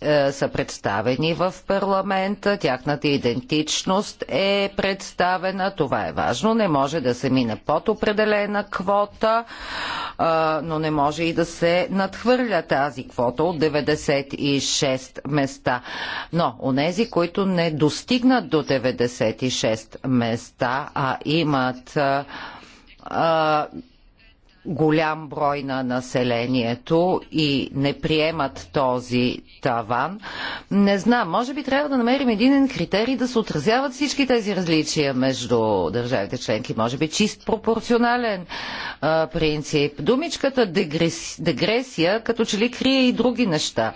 е, са представени в парламента, тяхната идентичност е представена, това е важно, не може да се мине под определена квота, е, но не може и да се надхвърля тази квота от 96 места. Но онези, които не достигнат до 96 места, а имат е, е голям брой на населението и не приемат този таван. Не знам, може би трябва да намерим един критерий да се отразяват всички тези различия между държавите членки. Може би чист пропорционален а, принцип. Думичката дегрес, дегресия като че ли крие и други неща.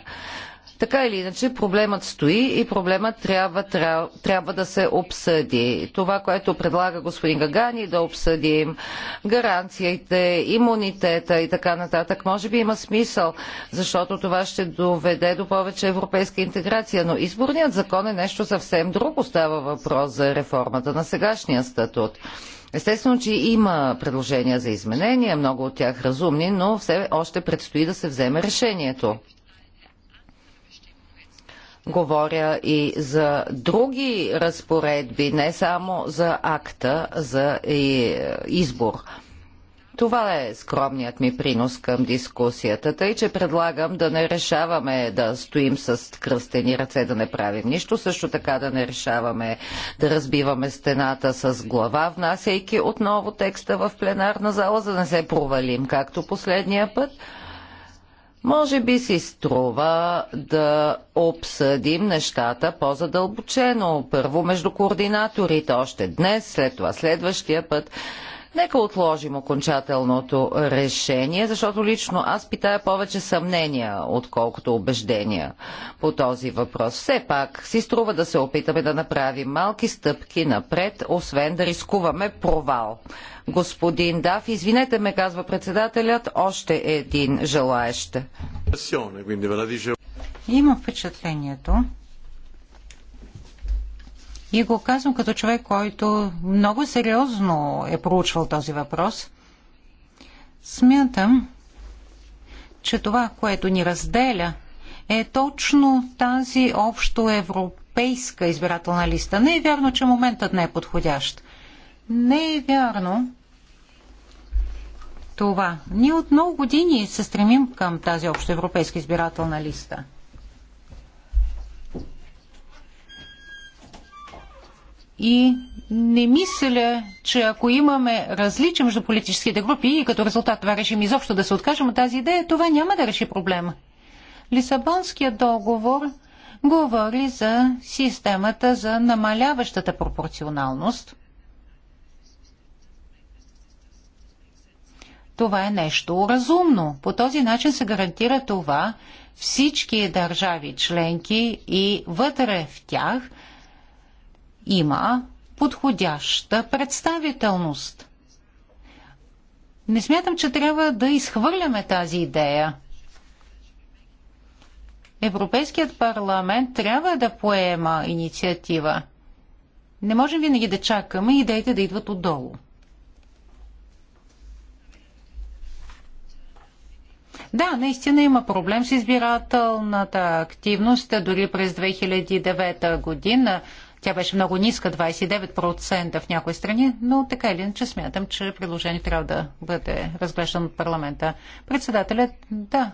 Така или иначе проблемът стои и проблемът трябва, трябва, трябва да се обсъди. Това, което предлага господин Гагани да обсъдим, гаранциите, имунитета и така нататък, може би има смисъл, защото това ще доведе до повече европейска интеграция, но изборният закон е нещо съвсем друго. Става въпрос за реформата на сегашния статут. Естествено, че има предложения за изменения, много от тях разумни, но все още предстои да се вземе решението. Говоря и за други разпоредби, не само за акта за е, избор. Това е скромният ми принос към дискусията, тъй че предлагам да не решаваме да стоим с кръстени ръце, да не правим нищо, също така да не решаваме да разбиваме стената с глава, внасяйки отново текста в пленарна зала, за да не се провалим, както последния път. Може би си струва да обсъдим нещата по-задълбочено. Първо между координаторите още днес, след това следващия път. Нека отложим окончателното решение, защото лично аз питая повече съмнения, отколкото убеждения по този въпрос. Все пак си струва да се опитаме да направим малки стъпки напред, освен да рискуваме провал. Господин Даф, извинете ме, казва председателят, още един желаещ. Има впечатлението, и го казвам като човек, който много сериозно е проучвал този въпрос. Смятам, че това, което ни разделя, е точно тази общо европейска избирателна листа. Не е вярно, че моментът не е подходящ. Не е вярно това. Ние от много години се стремим към тази общо европейска избирателна листа. И не мисля, че ако имаме различия между политическите групи и като резултат това решим изобщо да се откажем от тази идея, това няма да реши проблема. Лисабонският договор говори за системата за намаляващата пропорционалност. Това е нещо разумно. По този начин се гарантира това всички държави членки и вътре в тях – има подходяща представителност. Не смятам, че трябва да изхвърляме тази идея. Европейският парламент трябва да поема инициатива. Не можем винаги да чакаме идеите да идват отдолу. Да, наистина има проблем с избирателната активност. Дори през 2009 година тя беше много ниска, 29% в някои страни, но така или иначе смятам, че предложението трябва да бъде разглеждано от парламента. Председателят, да.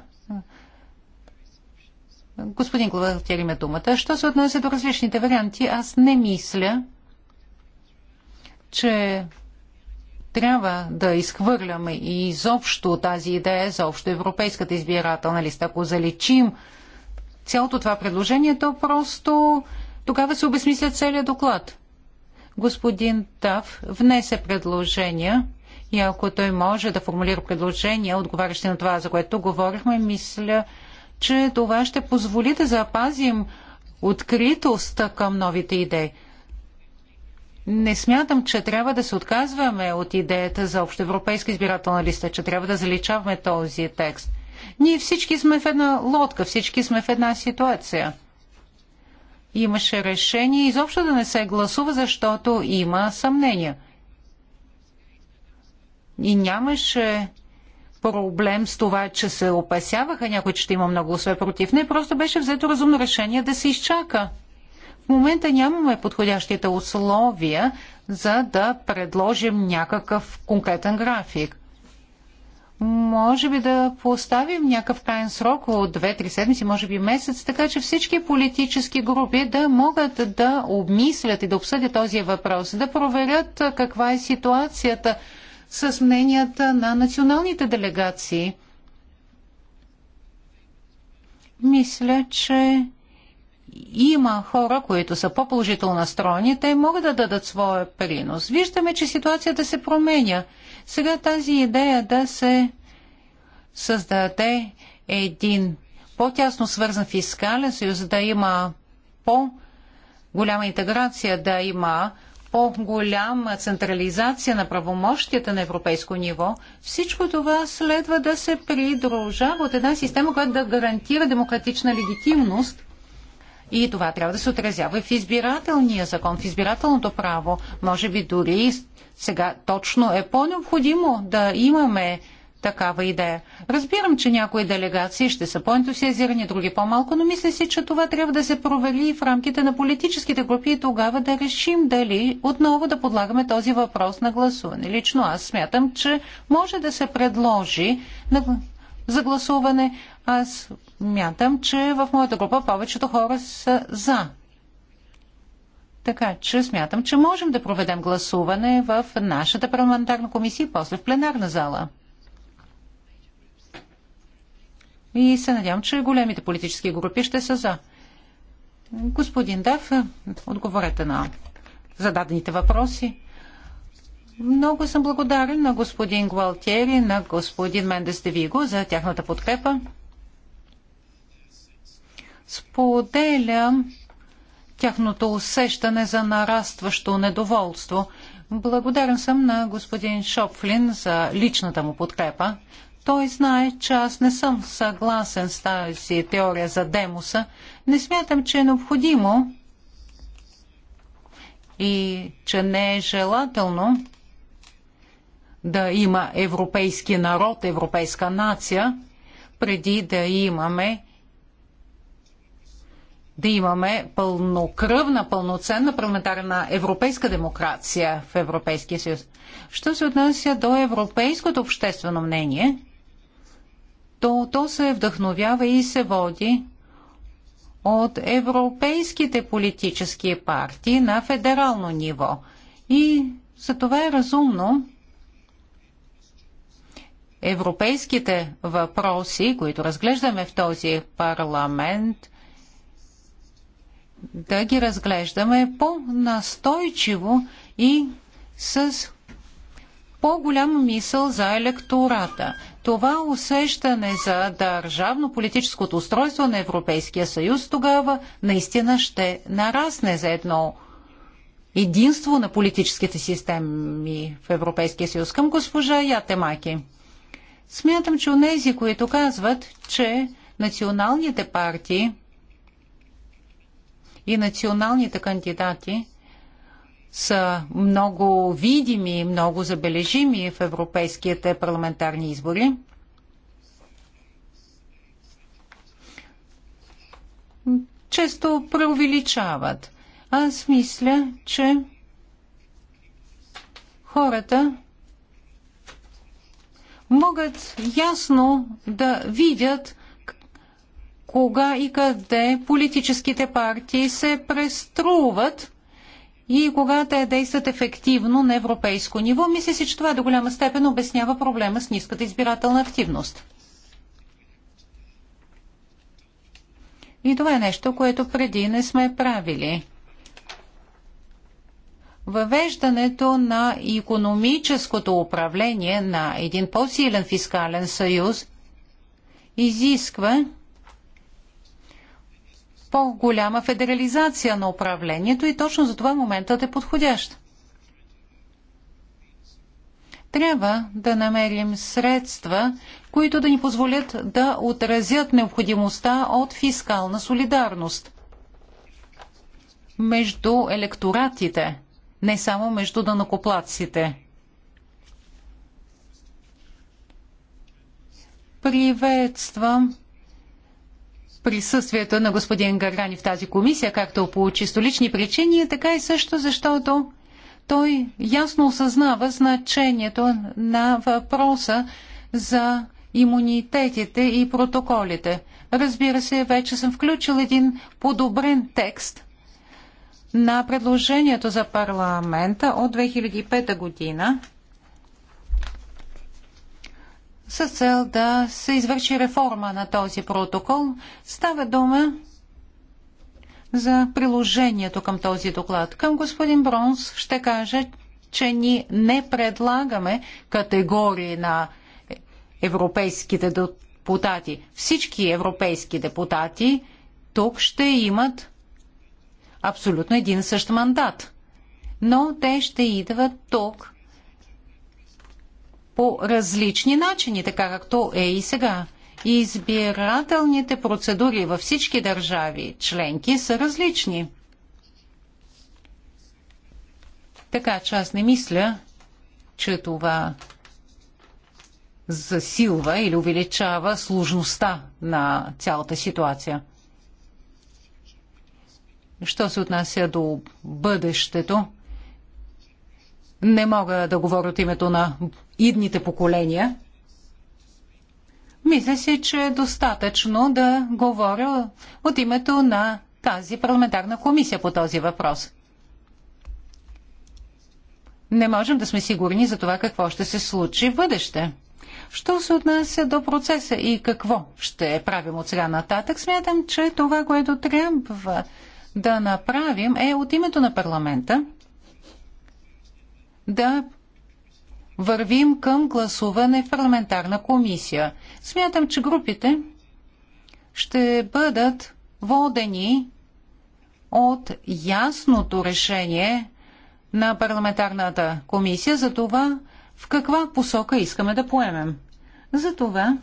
Господин глава, тя има думата. Що се отнася до различните варианти, аз не мисля, че трябва да изхвърляме и изобщо тази идея за общо европейската избирателна листа. Ако заличим цялото това предложение, то просто тогава се обесмисля целият доклад. Господин Тав внесе предложения и ако той може да формулира предложения, отговарящи на това, за което говорихме, мисля, че това ще позволи да запазим откритост към новите идеи. Не смятам, че трябва да се отказваме от идеята за общоевропейска избирателна листа, че трябва да заличаваме този текст. Ние всички сме в една лодка, всички сме в една ситуация – имаше решение изобщо да не се гласува, защото има съмнения. И нямаше проблем с това, че се опасяваха някой, че ще има много гласове против. Не, просто беше взето разумно решение да се изчака. В момента нямаме подходящите условия, за да предложим някакъв конкретен график може би да поставим някакъв крайен срок от 2-3 седмици, може би месец, така че всички политически групи да могат да обмислят и да обсъдят този въпрос, да проверят каква е ситуацията с мненията на националните делегации. Мисля, че има хора, които са по-положително настроени, те могат да дадат своя принос. Виждаме, че ситуацията се променя – сега тази идея да се създаде един по-тясно свързан фискален съюз, да има по-голяма интеграция, да има по-голяма централизация на правомощията на европейско ниво, всичко това следва да се придружава от една система, която да гарантира демократична легитимност и това трябва да се отразява и в избирателния закон, в избирателното право. Може би дори сега точно е по-необходимо да имаме такава идея. Разбирам, че някои делегации ще са по-ентусиазирани, други по-малко, но мисля си, че това трябва да се провери в рамките на политическите групи и тогава да решим дали отново да подлагаме този въпрос на гласуване. Лично аз смятам, че може да се предложи на... за гласуване. Аз мятам, че в моята група повечето хора са за. Така че смятам, че можем да проведем гласуване в нашата парламентарна комисия и после в пленарна зала. И се надявам, че големите политически групи ще са за. Господин Дав, отговорете на зададените въпроси. Много съм благодарен на господин Гуалтери, на господин Мендес Девиго за тяхната подкрепа. Споделям тяхното усещане за нарастващо недоволство. Благодарен съм на господин Шопфлин за личната му подкрепа. Той знае, че аз не съм съгласен с тази теория за Демоса. Не смятам, че е необходимо и че не е желателно да има европейски народ, европейска нация, преди да имаме да имаме пълнокръвна, пълноценна парламентарна европейска демокрация в Европейския съюз. Що се отнася до европейското обществено мнение, то то се вдъхновява и се води от европейските политически партии на федерално ниво. И за това е разумно европейските въпроси, които разглеждаме в този парламент, да ги разглеждаме по-настойчиво и с по-голяма мисъл за електората. Това усещане за държавно-политическото устройство на Европейския съюз тогава наистина ще нарасне за едно единство на политическите системи в Европейския съюз. Към госпожа Ятемаки. Смятам, че нези, които казват, че националните партии и националните кандидати са много видими, много забележими в европейските парламентарни избори. Често преувеличават. Аз мисля, че хората могат ясно да видят кога и къде политическите партии се преструват и кога те действат ефективно на европейско ниво. Мисля си, че това до голяма степен обяснява проблема с ниската избирателна активност. И това е нещо, което преди не сме правили. Въвеждането на економическото управление на един по-силен фискален съюз изисква по-голяма федерализация на управлението и точно за това моментът е подходящ. Трябва да намерим средства, които да ни позволят да отразят необходимостта от фискална солидарност между електоратите, не само между данакоплаците. Приветствам присъствието на господин Гаргани в тази комисия, както по чисто лични причини, така и също защото той ясно осъзнава значението на въпроса за имунитетите и протоколите. Разбира се, вече съм включил един подобрен текст на предложението за парламента от 2005 година, с цел да се извърши реформа на този протокол. Става дума за приложението към този доклад. Към господин Бронс ще кажа, че ни не предлагаме категории на европейските депутати. Всички европейски депутати тук ще имат абсолютно един същ мандат. Но те ще идват тук по различни начини, така както е и сега. Избирателните процедури във всички държави членки са различни. Така че аз не мисля, че това засилва или увеличава сложността на цялата ситуация. Що се отнася до бъдещето, не мога да говоря от името на идните поколения. Мисля си, че е достатъчно да говоря от името на тази парламентарна комисия по този въпрос. Не можем да сме сигурни за това какво ще се случи в бъдеще. Що се отнася до процеса и какво ще правим от сега нататък, смятам, че това, което трябва да направим е от името на парламента – да вървим към гласуване в парламентарна комисия. Смятам, че групите ще бъдат водени от ясното решение на парламентарната комисия за това в каква посока искаме да поемем. За това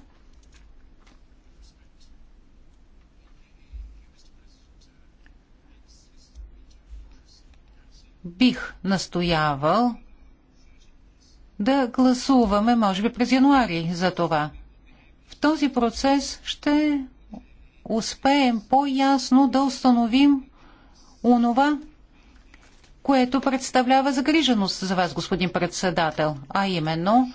бих настоявал да гласуваме, може би, през януари за това. В този процес ще успеем по-ясно да установим онова, което представлява загриженост за вас, господин председател, а именно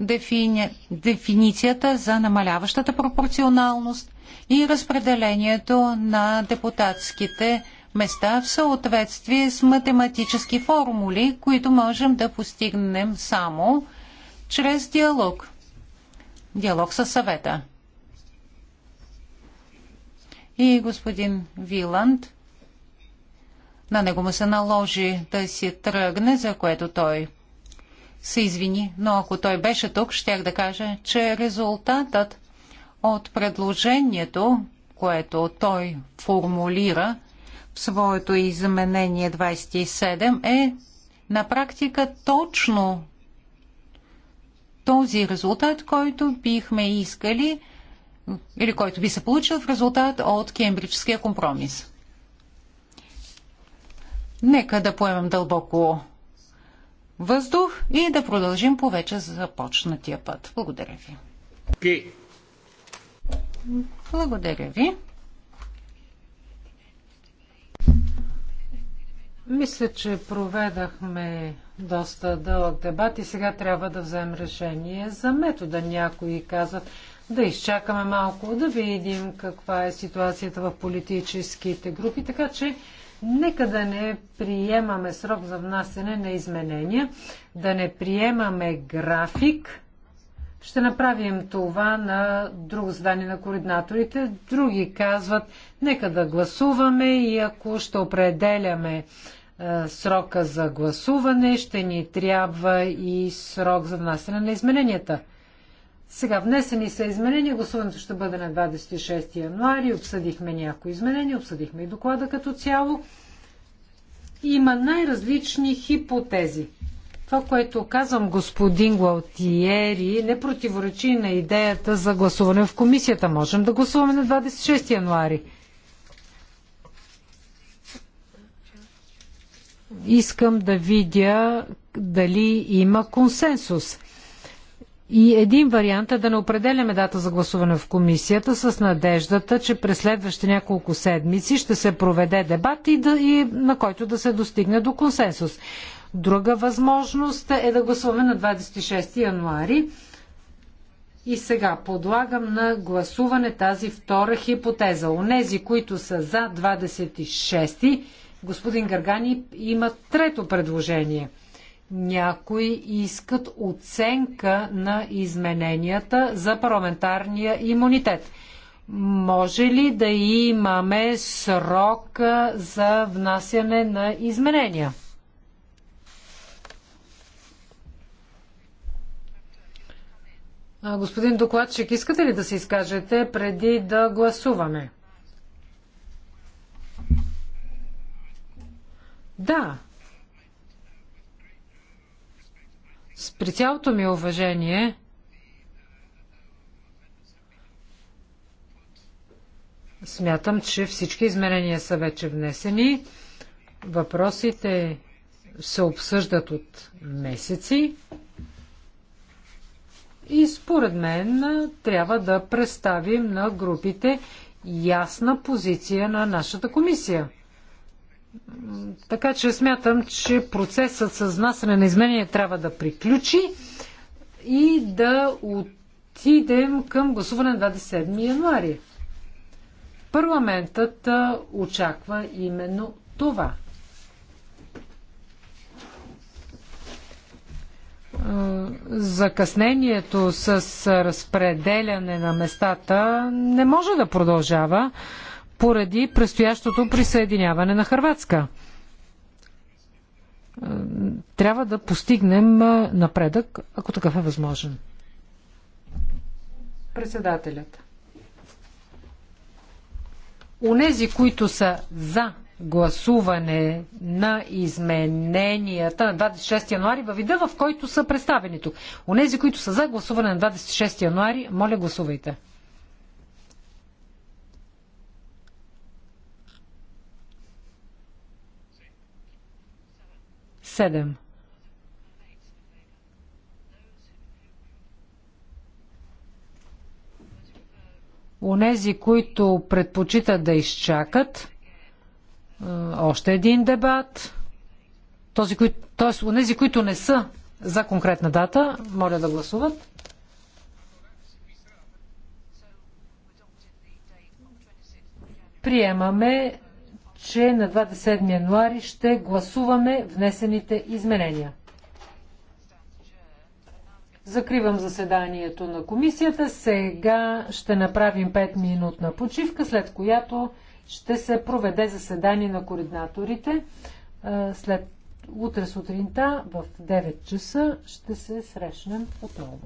дефини... дефиницията за намаляващата пропорционалност и разпределението на депутатските места в съответствие с математически формули, които можем да постигнем само чрез диалог. Диалог със съвета. И господин Виланд, на него му се наложи да си тръгне, за което той се извини, но ако той беше тук, щях да кажа, че резултатът от предложението, което той формулира, в своето изменение 27 е на практика точно този резултат, който бихме искали или който би се получил в резултат от Кембриджския компромис. Нека да поемем дълбоко въздух и да продължим по вече започнатия път. Благодаря ви. Благодаря ви. Мисля, че проведахме доста дълъг дебат и сега трябва да вземем решение за метода. Някои казват да изчакаме малко, да видим каква е ситуацията в политическите групи, така че нека да не приемаме срок за внасене на изменения, да не приемаме график, ще направим това на друго задание на координаторите. Други казват, нека да гласуваме и ако ще определяме е, срока за гласуване, ще ни трябва и срок за внасяне на измененията. Сега, внесени са изменения, гласуването ще бъде на 26 януари, обсъдихме някои изменения, обсъдихме и доклада като цяло. Има най-различни хипотези. Това, което казвам господин Гуалтиери, не противоречи на идеята за гласуване в комисията. Можем да гласуваме на 26 януари. Искам да видя дали има консенсус. И един вариант е да не определяме дата за гласуване в комисията с надеждата, че през следващите няколко седмици ще се проведе дебат и, да, и на който да се достигне до консенсус. Друга възможност е да гласуваме на 26 януари. И сега подлагам на гласуване тази втора хипотеза. Онези, които са за 26, господин Гаргани има трето предложение. Някои искат оценка на измененията за парламентарния имунитет. Може ли да имаме срок за внасяне на изменения? Господин докладчик, искате ли да се изкажете преди да гласуваме? Да. С при цялото ми уважение, смятам, че всички измерения са вече внесени. Въпросите се обсъждат от месеци. И според мен трябва да представим на групите ясна позиция на нашата комисия. Така че смятам, че процесът с внасяне на изменения трябва да приключи и да отидем към гласуване на 27 януари. Парламентът очаква именно това. закъснението с разпределяне на местата не може да продължава поради предстоящото присъединяване на Харватска. Трябва да постигнем напредък, ако такъв е възможен. Председателят. Унези, които са за гласуване на измененията на 26 януари във вида, в който са представени тук. Онези, които са за гласуване на 26 януари, моля гласувайте. Седем. Онези, които предпочитат да изчакат, е, още един дебат. Този, кои, т.е. онези, които не са за конкретна дата, моля да гласуват. Приемаме, че на 27 януари ще гласуваме внесените изменения. Закривам заседанието на комисията. Сега ще направим 5 минутна почивка, след която ще се проведе заседание на координаторите. След утре сутринта в 9 часа ще се срещнем отново.